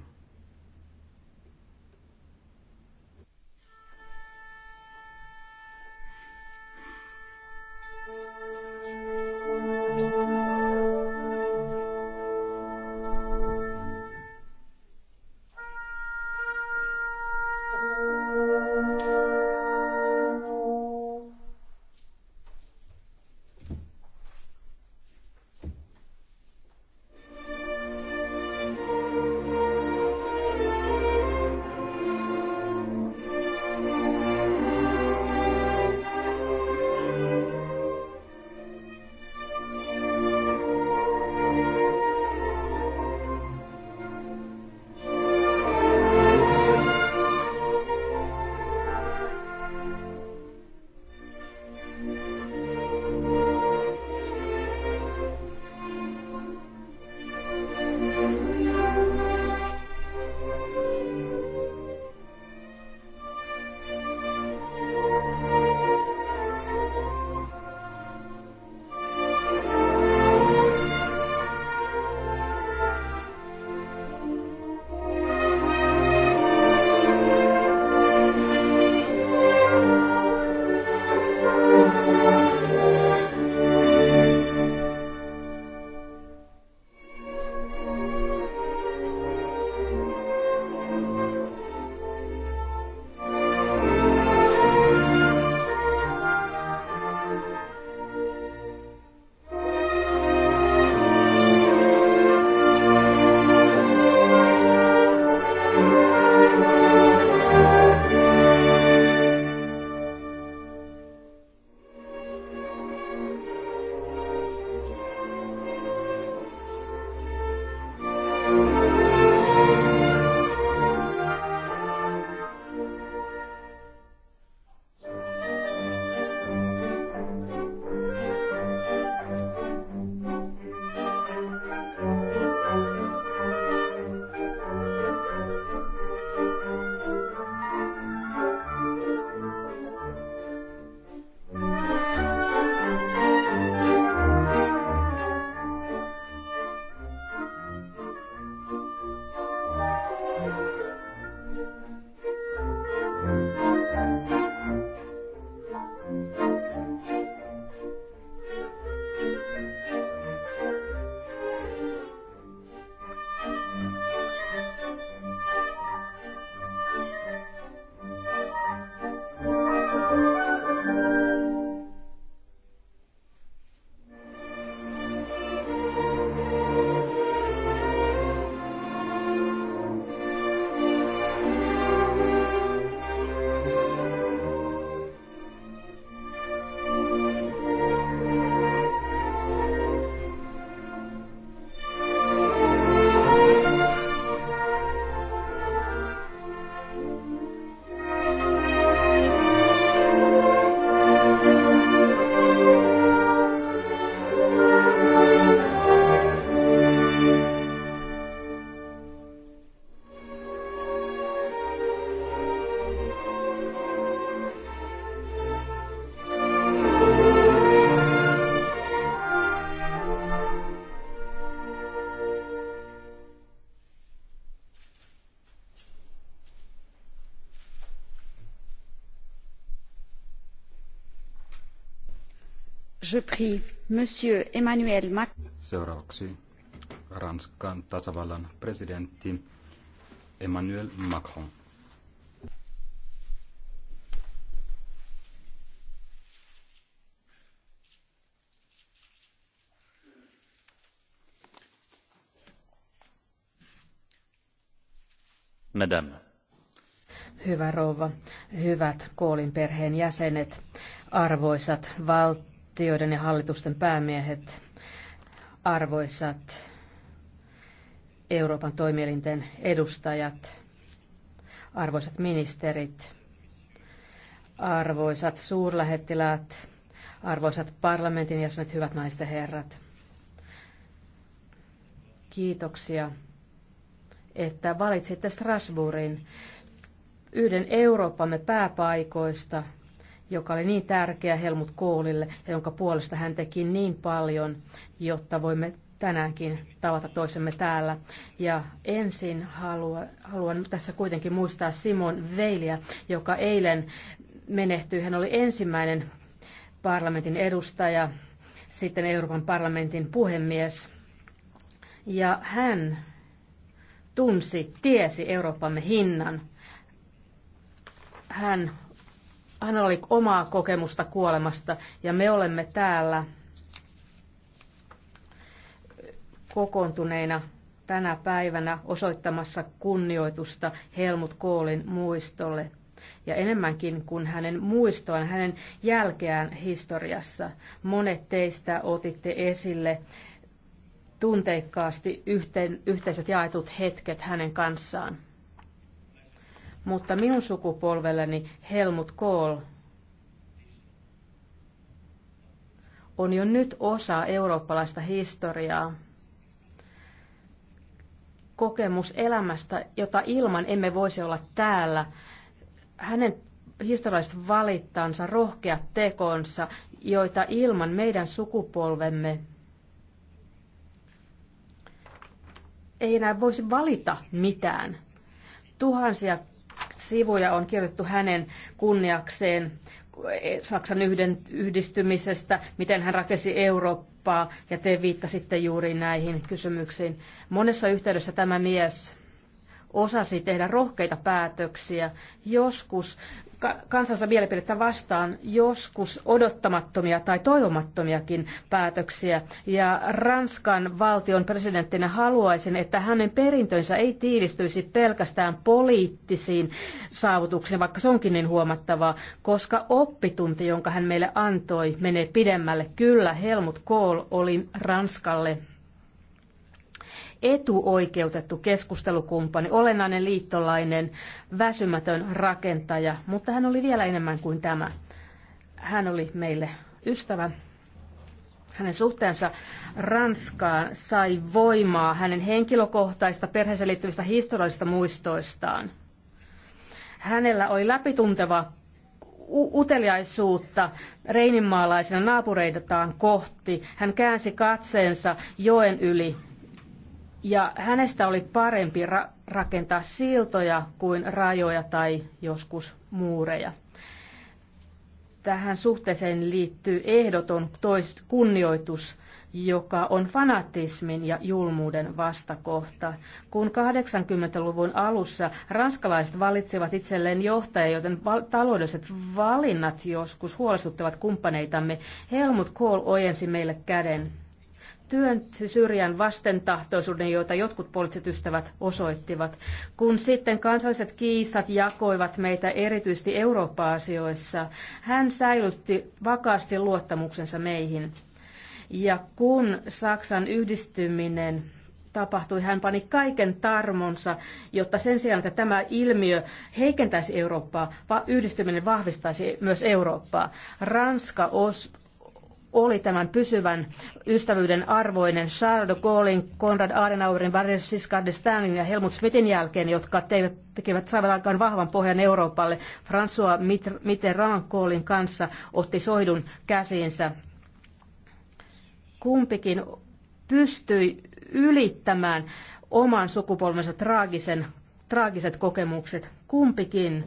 Je prie Monsieur Emmanuel Macron. Seuraavaksi Ranskan tasavallan presidentti Emmanuel Macron. Madame. Hyvä rouva, hyvät koolin perheen jäsenet, arvoisat valtiot valtioiden ja hallitusten päämiehet, arvoisat Euroopan toimielinten edustajat, arvoisat ministerit, arvoisat suurlähettiläät, arvoisat parlamentin jäsenet, hyvät naiset ja herrat. Kiitoksia, että valitsitte Strasbourgin yhden Euroopamme pääpaikoista – joka oli niin tärkeä Helmut Koolille ja jonka puolesta hän teki niin paljon, jotta voimme tänäänkin tavata toisemme täällä. Ja ensin haluan, haluan tässä kuitenkin muistaa Simon Veiliä, joka eilen menehtyi. Hän oli ensimmäinen parlamentin edustaja, sitten Euroopan parlamentin puhemies. Ja hän tunsi, tiesi Euroopamme hinnan. Hän hänellä oli omaa kokemusta kuolemasta ja me olemme täällä kokoontuneina tänä päivänä osoittamassa kunnioitusta Helmut Koolin muistolle ja enemmänkin kuin hänen muistoaan, hänen jälkeään historiassa. Monet teistä otitte esille tunteikkaasti yhteen, yhteiset jaetut hetket hänen kanssaan mutta minun sukupolvelleni Helmut Kohl on jo nyt osa eurooppalaista historiaa. Kokemus elämästä, jota ilman emme voisi olla täällä. Hänen historialliset valittansa, rohkeat tekonsa, joita ilman meidän sukupolvemme ei enää voisi valita mitään. Tuhansia sivuja on kirjoitettu hänen kunniakseen eh, Saksan yhden, yhdistymisestä, miten hän rakensi Eurooppaa, ja te viittasitte juuri näihin kysymyksiin. Monessa yhteydessä tämä mies osasi tehdä rohkeita päätöksiä. Joskus kansansa mielipidettä vastaan joskus odottamattomia tai toivomattomiakin päätöksiä. Ja Ranskan valtion presidenttinä haluaisin, että hänen perintönsä ei tiivistyisi pelkästään poliittisiin saavutuksiin, vaikka se onkin niin huomattavaa, koska oppitunti, jonka hän meille antoi, menee pidemmälle. Kyllä Helmut Kohl oli Ranskalle etuoikeutettu keskustelukumppani, olennainen liittolainen, väsymätön rakentaja, mutta hän oli vielä enemmän kuin tämä. Hän oli meille ystävä. Hänen suhteensa Ranskaan sai voimaa hänen henkilökohtaista perheeseen liittyvistä historiallisista muistoistaan. Hänellä oli läpitunteva uteliaisuutta reininmaalaisena naapureitaan kohti. Hän käänsi katseensa joen yli ja hänestä oli parempi ra- rakentaa siltoja kuin rajoja tai joskus muureja. Tähän suhteeseen liittyy ehdoton toist kunnioitus, joka on fanatismin ja julmuuden vastakohta. Kun 80-luvun alussa ranskalaiset valitsevat itselleen johtajia, joten val- taloudelliset valinnat joskus huolestuttavat kumppaneitamme, Helmut Kohl ojensi meille käden työn syrjän vastentahtoisuuden, joita jotkut poliittiset ystävät osoittivat. Kun sitten kansalliset kiistat jakoivat meitä erityisesti Eurooppa-asioissa, hän säilytti vakaasti luottamuksensa meihin. Ja kun Saksan yhdistyminen tapahtui, hän pani kaiken tarmonsa, jotta sen sijaan, että tämä ilmiö heikentäisi Eurooppaa, yhdistyminen vahvistaisi myös Eurooppaa. Ranska os, oli tämän pysyvän ystävyyden arvoinen Charles de Gaullein, Konrad Adenauerin, Varis Giscard d'Estaingin ja Helmut Schmidtin jälkeen, jotka teivät, tekevät saavat aikaan vahvan pohjan Euroopalle. François Mitterrand Gaullein kanssa otti soidun käsiinsä. Kumpikin pystyi ylittämään oman sukupolvensa traagisen, traagiset kokemukset. Kumpikin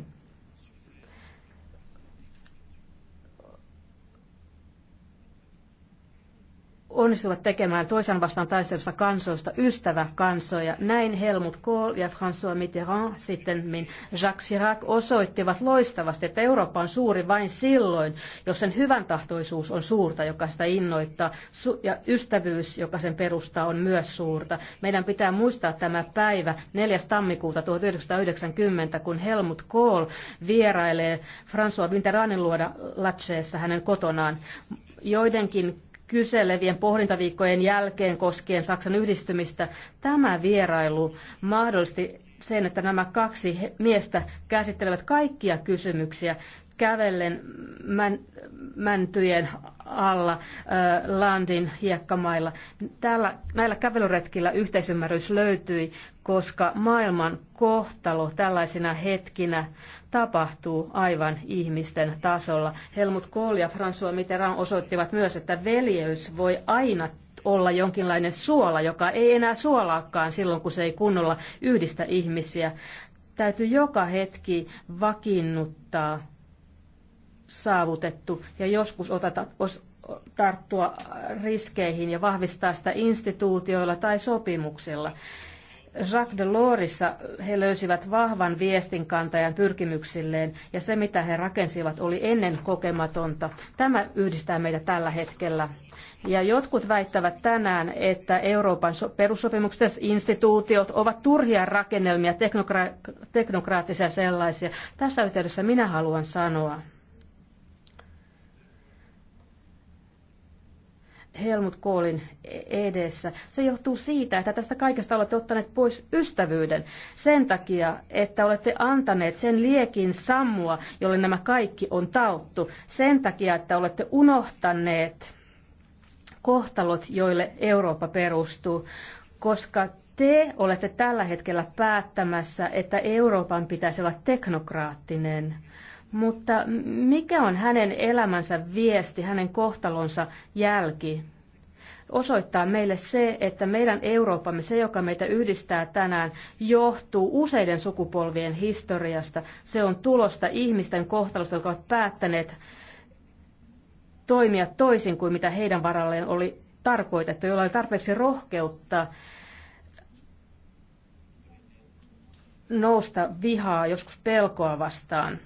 Onnistuvat tekemään toisen vastaan taistelusta kansoista ystävä kansoja. Näin Helmut Kohl ja François Mitterrand, sitten Jacques Chirac osoittivat loistavasti, että Eurooppa on suuri vain silloin, jos sen hyvän tahtoisuus on suurta, joka sitä innoittaa, ja ystävyys, joka sen perustaa, on myös suurta. Meidän pitää muistaa tämä päivä 4. tammikuuta 1990, kun Helmut Kohl vierailee François Mitterrandin luoda Latcheessa hänen kotonaan. Joidenkin kyselevien pohdintaviikkojen jälkeen koskien Saksan yhdistymistä. Tämä vierailu mahdollisti sen, että nämä kaksi miestä käsittelevät kaikkia kysymyksiä, kävellen män, mäntyjen alla äh, Landin hiekkamailla. Täällä, näillä kävelyretkillä yhteisymmärrys löytyi, koska maailman kohtalo tällaisina hetkinä tapahtuu aivan ihmisten tasolla. Helmut Kohl ja François Mitterrand osoittivat myös, että veljeys voi aina olla jonkinlainen suola, joka ei enää suolaakaan silloin, kun se ei kunnolla yhdistä ihmisiä. Täytyy joka hetki vakiinnuttaa saavutettu ja joskus otata, os, tarttua riskeihin ja vahvistaa sitä instituutioilla tai sopimuksilla. Jacques Delorsissa he löysivät vahvan viestinkantajan pyrkimyksilleen ja se, mitä he rakensivat, oli ennen kokematonta. Tämä yhdistää meitä tällä hetkellä. Ja jotkut väittävät tänään, että Euroopan perussopimukset ja instituutiot ovat turhia rakennelmia, teknokra- teknokraattisia sellaisia. Tässä yhteydessä minä haluan sanoa, Helmut Koolin edessä. Se johtuu siitä, että tästä kaikesta olette ottaneet pois ystävyyden sen takia, että olette antaneet sen liekin sammua, jolle nämä kaikki on tauttu. Sen takia, että olette unohtaneet kohtalot, joille Eurooppa perustuu, koska te olette tällä hetkellä päättämässä, että Euroopan pitäisi olla teknokraattinen mutta mikä on hänen elämänsä viesti, hänen kohtalonsa jälki? Osoittaa meille se, että meidän Euroopamme, se joka meitä yhdistää tänään, johtuu useiden sukupolvien historiasta. Se on tulosta ihmisten kohtalosta, jotka ovat päättäneet toimia toisin kuin mitä heidän varalleen oli tarkoitettu, jolla oli tarpeeksi rohkeutta nousta vihaa, joskus pelkoa vastaan.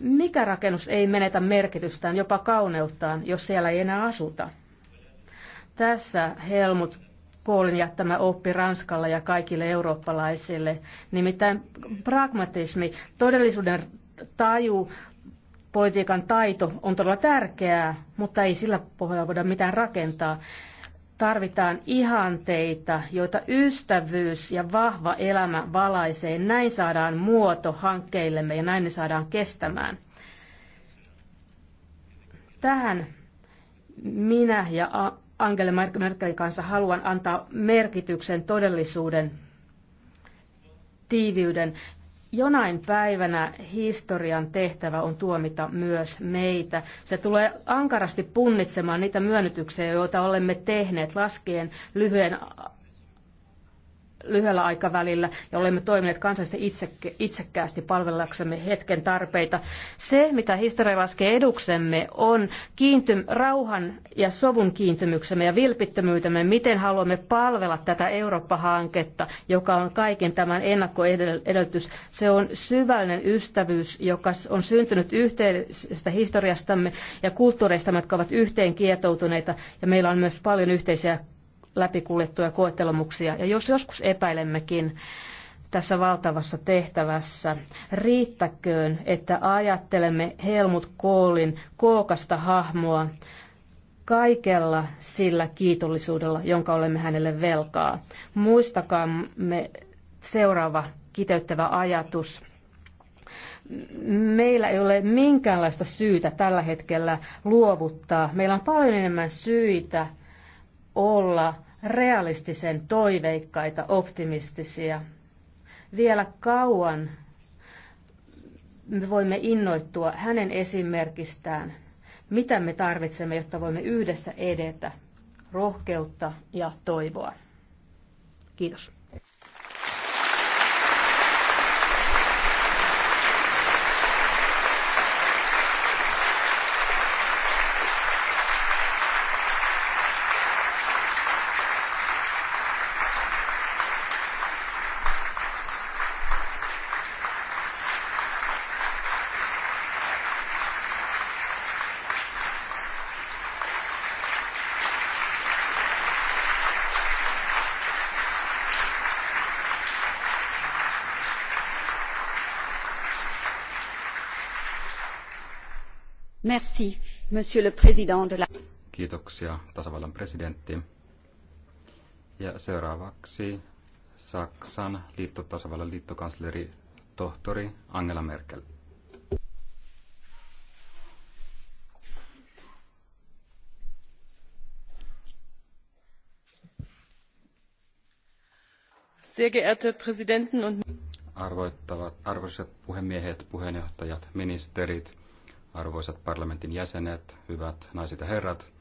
Mikä rakennus ei menetä merkitystään, jopa kauneuttaan, jos siellä ei enää asuta? Tässä Helmut Koolin jättämä oppi Ranskalla ja kaikille eurooppalaisille. Nimittäin pragmatismi, todellisuuden taju, politiikan taito on todella tärkeää, mutta ei sillä pohjalla voida mitään rakentaa tarvitaan ihanteita, joita ystävyys ja vahva elämä valaisee. Näin saadaan muoto hankkeillemme ja näin ne saadaan kestämään. Tähän minä ja Angela Merkelin kanssa haluan antaa merkityksen todellisuuden tiiviyden. Jonain päivänä historian tehtävä on tuomita myös meitä. Se tulee ankarasti punnitsemaan niitä myönnytyksiä, joita olemme tehneet laskien lyhyen lyhyellä aikavälillä ja olemme toimineet kansallisesti itse, itsekkäästi palvellaksemme hetken tarpeita. Se, mitä historia laskee eduksemme, on kiintym, rauhan ja sovun kiintymyksemme ja vilpittömyytemme, miten haluamme palvella tätä Eurooppa-hanketta, joka on kaiken tämän ennakkoedellytys. Se on syvällinen ystävyys, joka on syntynyt yhteisestä historiastamme ja kulttuureistamme, jotka ovat yhteen kietoutuneita ja meillä on myös paljon yhteisiä läpikuljettuja koettelemuksia. Ja jos joskus epäilemmekin tässä valtavassa tehtävässä, riittäköön, että ajattelemme Helmut Koolin kookasta hahmoa kaikella sillä kiitollisuudella, jonka olemme hänelle velkaa. Muistakaamme seuraava kiteyttävä ajatus meillä ei ole minkäänlaista syytä tällä hetkellä luovuttaa. Meillä on paljon enemmän syitä olla realistisen toiveikkaita, optimistisia. Vielä kauan me voimme innoittua hänen esimerkistään, mitä me tarvitsemme, jotta voimme yhdessä edetä, rohkeutta ja toivoa. Kiitos. Merci, monsieur le président de la... Kiitoksia tasavallan presidentti. Ja seuraavaksi Saksan liittotasavallan liittokansleri tohtori Angela Merkel. Sehr geehrte Präsidenten und arvoittavat, arvoisat puhemiehet, puheenjohtajat, ministerit, arvoisat parlamentin jäsenet, hyvät naiset ja herrat,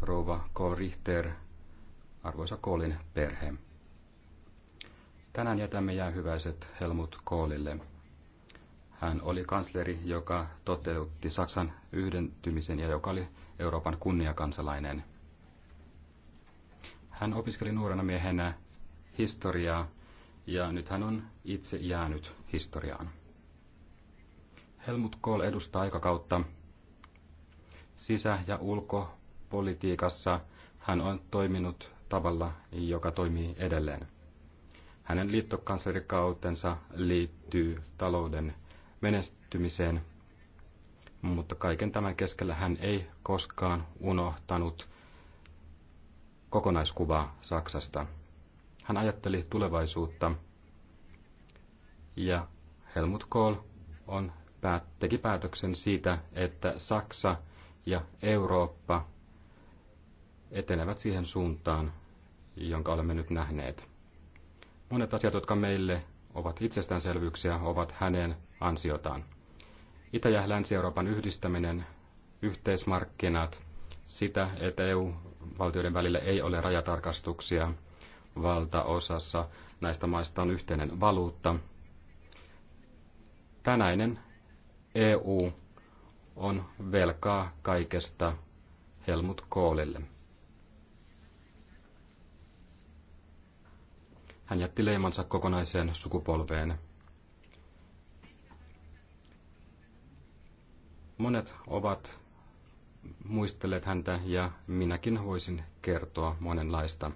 rouva K. Richter, arvoisa Koolin perhe. Tänään jätämme jäähyväiset Helmut Koolille. Hän oli kansleri, joka toteutti Saksan yhdentymisen ja joka oli Euroopan kunniakansalainen. Hän opiskeli nuorena miehenä historiaa ja nyt hän on itse jäänyt historiaan. Helmut Kohl edustaa aikakautta. Sisä- ja ulkopolitiikassa hän on toiminut tavalla, joka toimii edelleen. Hänen liittokanslerikautensa liittyy talouden menestymiseen, mutta kaiken tämän keskellä hän ei koskaan unohtanut kokonaiskuvaa Saksasta. Hän ajatteli tulevaisuutta ja Helmut Kohl on teki päätöksen siitä, että Saksa ja Eurooppa etenevät siihen suuntaan, jonka olemme nyt nähneet. Monet asiat, jotka meille ovat itsestäänselvyyksiä, ovat hänen ansiotaan. Itä- ja Länsi-Euroopan yhdistäminen, yhteismarkkinat, sitä, että EU-valtioiden välillä ei ole rajatarkastuksia, valtaosassa näistä maista on yhteinen valuutta. Tänäinen EU on velkaa kaikesta Helmut Koolille. Hän jätti leimansa kokonaiseen sukupolveen. Monet ovat muistelleet häntä ja minäkin voisin kertoa monenlaista.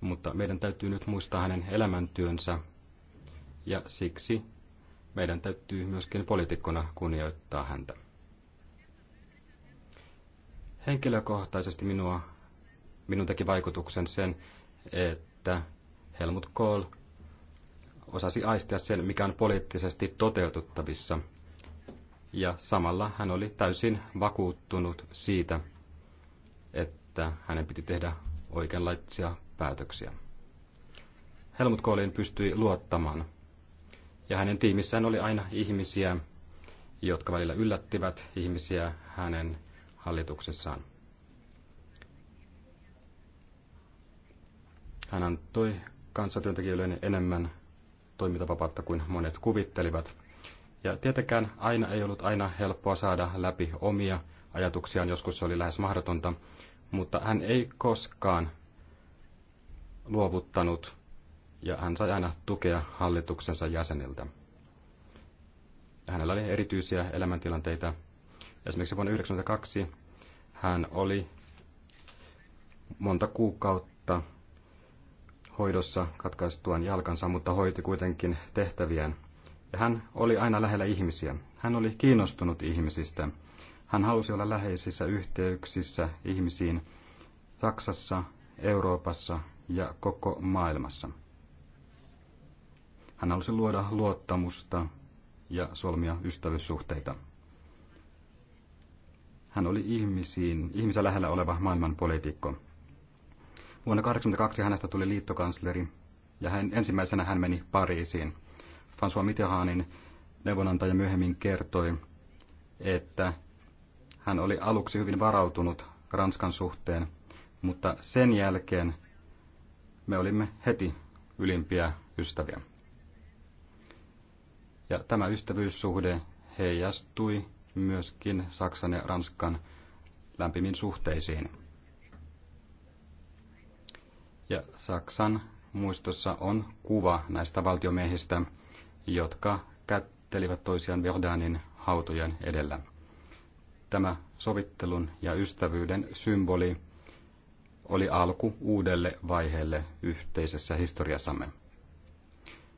Mutta meidän täytyy nyt muistaa hänen elämäntyönsä ja siksi meidän täytyy myöskin poliitikkona kunnioittaa häntä. Henkilökohtaisesti minua, minun teki vaikutuksen sen, että Helmut Kohl osasi aistia sen, mikä on poliittisesti toteutettavissa. Ja samalla hän oli täysin vakuuttunut siitä, että hänen piti tehdä oikeanlaisia päätöksiä. Helmut Kohlin pystyi luottamaan. Ja hänen tiimissään oli aina ihmisiä, jotka välillä yllättivät ihmisiä hänen hallituksessaan. Hän antoi kansatyöntekijöille enemmän toimintavapautta kuin monet kuvittelivat. Ja tietenkään aina ei ollut aina helppoa saada läpi omia ajatuksiaan, joskus se oli lähes mahdotonta, mutta hän ei koskaan luovuttanut ja hän sai aina tukea hallituksensa jäseniltä. Hänellä oli erityisiä elämäntilanteita. Esimerkiksi vuonna 1992 hän oli monta kuukautta hoidossa katkaistuaan jalkansa, mutta hoiti kuitenkin tehtäviään. Ja hän oli aina lähellä ihmisiä. Hän oli kiinnostunut ihmisistä. Hän halusi olla läheisissä yhteyksissä ihmisiin Saksassa, Euroopassa ja koko maailmassa. Hän halusi luoda luottamusta ja solmia ystävyyssuhteita. Hän oli ihmisiin, ihmisä lähellä oleva maailman poliitikko. Vuonna 1982 hänestä tuli liittokansleri ja hän, ensimmäisenä hän meni Pariisiin. François Mitterrandin neuvonantaja myöhemmin kertoi, että hän oli aluksi hyvin varautunut Ranskan suhteen, mutta sen jälkeen me olimme heti ylimpiä ystäviä. Ja tämä ystävyyssuhde heijastui myöskin Saksan ja Ranskan lämpimin suhteisiin. Ja Saksan muistossa on kuva näistä valtiomiehistä, jotka kättelivät toisiaan Verdanin hautojen edellä. Tämä sovittelun ja ystävyyden symboli oli alku uudelle vaiheelle yhteisessä historiassamme.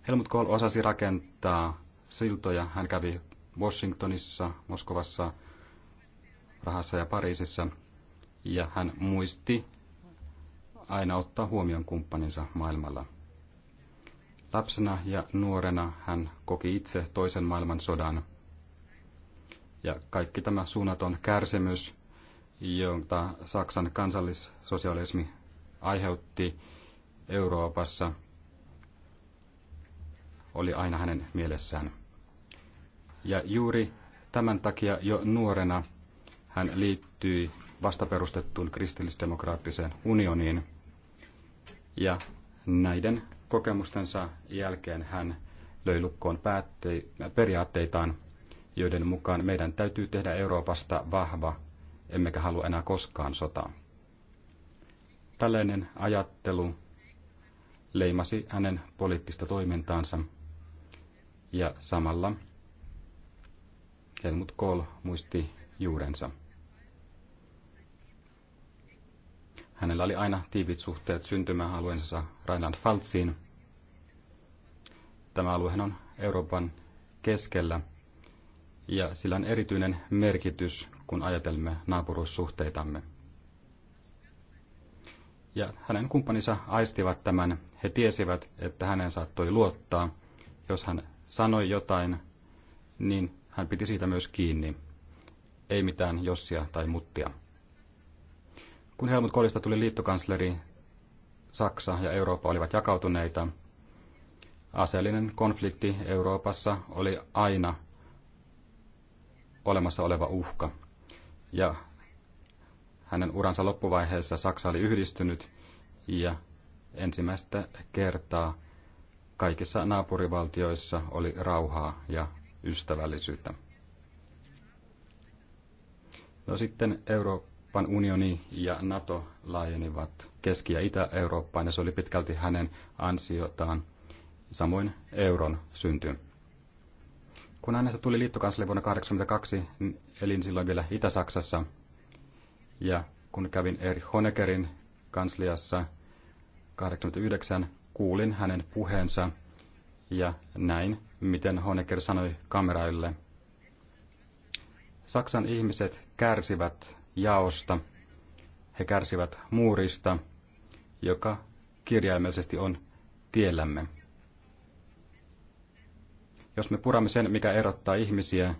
Helmut Kohl osasi rakentaa siltoja. Hän kävi Washingtonissa, Moskovassa, Rahassa ja Pariisissa. Ja hän muisti aina ottaa huomioon kumppaninsa maailmalla. Lapsena ja nuorena hän koki itse toisen maailmansodan. Ja kaikki tämä suunnaton kärsimys, jonka Saksan kansallissosialismi aiheutti Euroopassa – oli aina hänen mielessään. Ja juuri tämän takia jo nuorena hän liittyi vastaperustettuun kristillisdemokraattiseen unioniin. Ja näiden kokemustensa jälkeen hän löi lukkoon päättei periaatteitaan, joiden mukaan meidän täytyy tehdä Euroopasta vahva, emmekä halua enää koskaan sotaa. Tällainen ajattelu leimasi hänen poliittista toimintaansa – ja samalla Helmut Kohl muisti juurensa. Hänellä oli aina tiivit suhteet syntymäalueensa Rheinland-Pfalziin. Tämä alue on Euroopan keskellä ja sillä on erityinen merkitys, kun ajatelmme naapuruussuhteitamme. Ja hänen kumppaninsa aistivat tämän. He tiesivät, että hänen saattoi luottaa, jos hän sanoi jotain, niin hän piti siitä myös kiinni. Ei mitään jossia tai muttia. Kun Helmut Kollista tuli liittokansleri, Saksa ja Eurooppa olivat jakautuneita. Aseellinen konflikti Euroopassa oli aina olemassa oleva uhka. Ja hänen uransa loppuvaiheessa Saksa oli yhdistynyt ja ensimmäistä kertaa kaikissa naapurivaltioissa oli rauhaa ja ystävällisyyttä. No sitten Euroopan unioni ja NATO laajenivat Keski- ja Itä-Eurooppaan ja se oli pitkälti hänen ansiotaan, samoin euron synty. Kun hänestä tuli liittokansli vuonna 1982, elin silloin vielä Itä-Saksassa ja kun kävin Erich Honeckerin kansliassa 1989, kuulin hänen puheensa ja näin, miten Honecker sanoi kameraille. Saksan ihmiset kärsivät jaosta. He kärsivät muurista, joka kirjaimellisesti on tiellämme. Jos me puramme sen, mikä erottaa ihmisiä,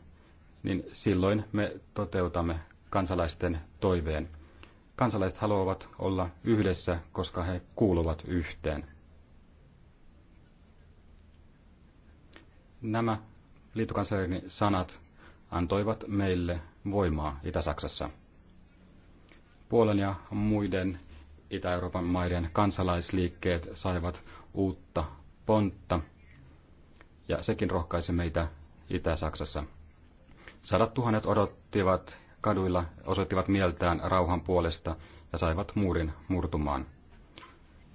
niin silloin me toteutamme kansalaisten toiveen. Kansalaiset haluavat olla yhdessä, koska he kuuluvat yhteen. Nämä liittokanslerin sanat antoivat meille voimaa Itä-Saksassa. Puolen ja muiden Itä-Euroopan maiden kansalaisliikkeet saivat uutta pontta, ja sekin rohkaisi meitä Itä-Saksassa. Sadat tuhannet odottivat kaduilla, osoittivat mieltään rauhan puolesta ja saivat muurin murtumaan.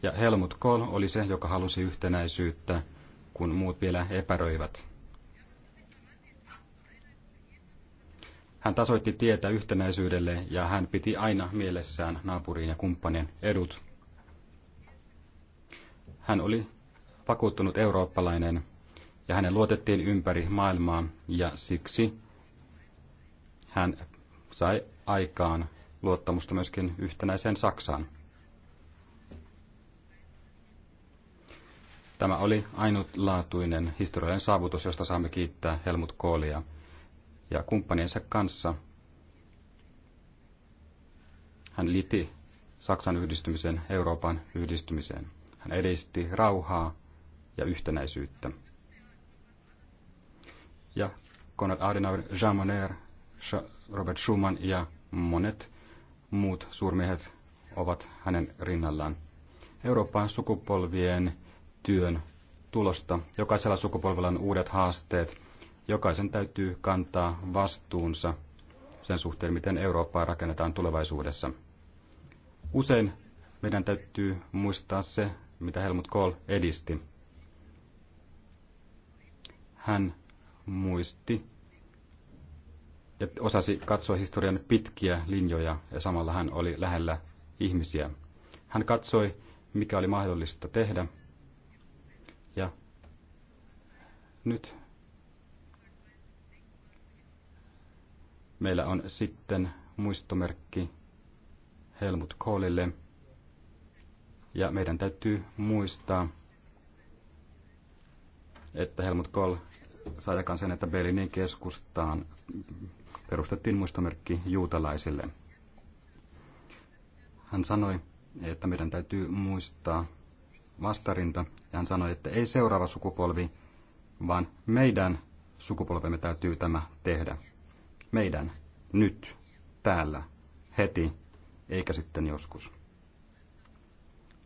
Ja Helmut Kohl oli se, joka halusi yhtenäisyyttä kun muut vielä epäröivät. Hän tasoitti tietä yhtenäisyydelle ja hän piti aina mielessään naapuriin ja kumppanien edut. Hän oli vakuuttunut eurooppalainen ja hänen luotettiin ympäri maailmaa ja siksi hän sai aikaan luottamusta myöskin yhtenäiseen Saksaan. Tämä oli ainutlaatuinen historiallinen saavutus, josta saamme kiittää Helmut Kohlia ja kumppaniensa kanssa. Hän liitti Saksan yhdistymisen Euroopan yhdistymiseen. Hän edisti rauhaa ja yhtenäisyyttä. Ja Konrad Adenauer, Jean Monnet, Robert Schumann ja monet muut suurmiehet ovat hänen rinnallaan. Euroopan sukupolvien työn tulosta. Jokaisella sukupolvella on uudet haasteet. Jokaisen täytyy kantaa vastuunsa sen suhteen, miten Eurooppaa rakennetaan tulevaisuudessa. Usein meidän täytyy muistaa se, mitä Helmut Kohl edisti. Hän muisti ja osasi katsoa historian pitkiä linjoja ja samalla hän oli lähellä ihmisiä. Hän katsoi, mikä oli mahdollista tehdä Nyt meillä on sitten muistomerkki Helmut Kohlille. Ja meidän täytyy muistaa, että Helmut Kohl sai aikaan sen, että Berliinin keskustaan perustettiin muistomerkki juutalaisille. Hän sanoi, että meidän täytyy muistaa vastarinta, ja hän sanoi, että ei seuraava sukupolvi vaan meidän sukupolvemme täytyy tämä tehdä. Meidän, nyt, täällä, heti, eikä sitten joskus.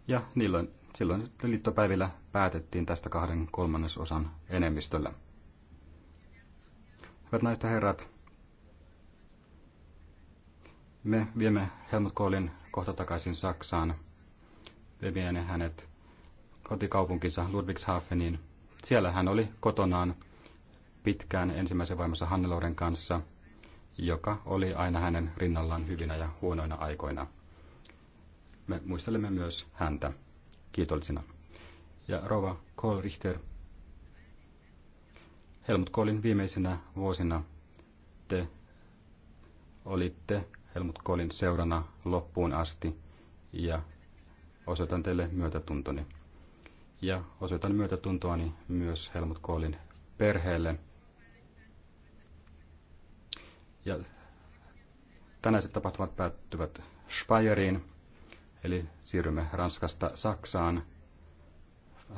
Ja niin, silloin sitten liittopäivillä päätettiin tästä kahden kolmannesosan enemmistöllä. Hyvät naiset ja herrat, me viemme Helmut Kohlin kohta takaisin Saksaan. Me viemme hänet kotikaupunkinsa Ludwigshafeniin siellä hän oli kotonaan pitkään ensimmäisen vaimonsa Hannelouden kanssa, joka oli aina hänen rinnallaan hyvinä ja huonoina aikoina. Me muistelemme myös häntä kiitollisina. Ja Rova Kohl Richter, Helmut Kohlin viimeisinä vuosina te olitte Helmut Kohlin seurana loppuun asti ja osoitan teille myötätuntoni ja osoitan myötätuntoani myös Helmut Koolin perheelle. Ja tänäiset tapahtumat päättyvät Speyeriin, eli siirrymme Ranskasta Saksaan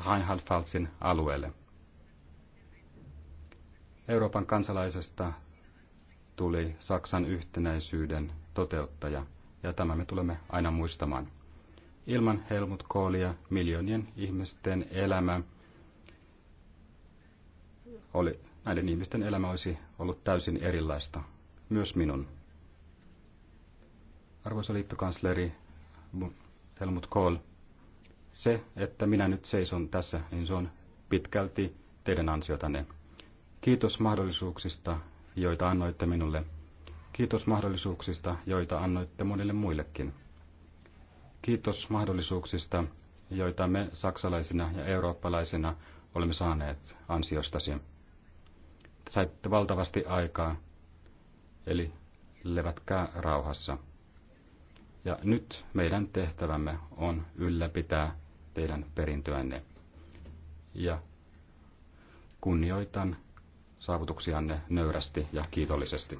Reinhard Pfalzin alueelle. Euroopan kansalaisesta tuli Saksan yhtenäisyyden toteuttaja, ja tämä me tulemme aina muistamaan. Ilman Helmut Kohlia miljoonien ihmisten elämä oli, näiden ihmisten elämä olisi ollut täysin erilaista, myös minun. Arvoisa liittokansleri Helmut Kohl, se, että minä nyt seison tässä, niin se on pitkälti teidän ansiotanne. Kiitos mahdollisuuksista, joita annoitte minulle. Kiitos mahdollisuuksista, joita annoitte monille muillekin. Kiitos mahdollisuuksista, joita me saksalaisina ja eurooppalaisina olemme saaneet ansiostasi. Saitte valtavasti aikaa, eli levätkää rauhassa. Ja nyt meidän tehtävämme on ylläpitää teidän perintöänne. Ja kunnioitan saavutuksianne nöyrästi ja kiitollisesti.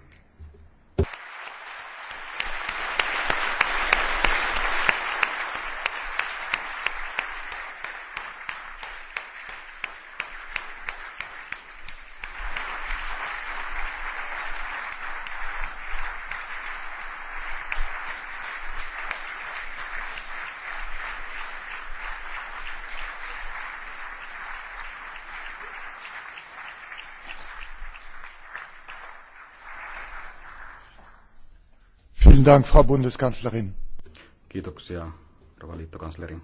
Vielen Dank, Frau Bundeskanzlerin. Kiitoksia, rouva liittokansleri.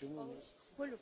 почему? нет?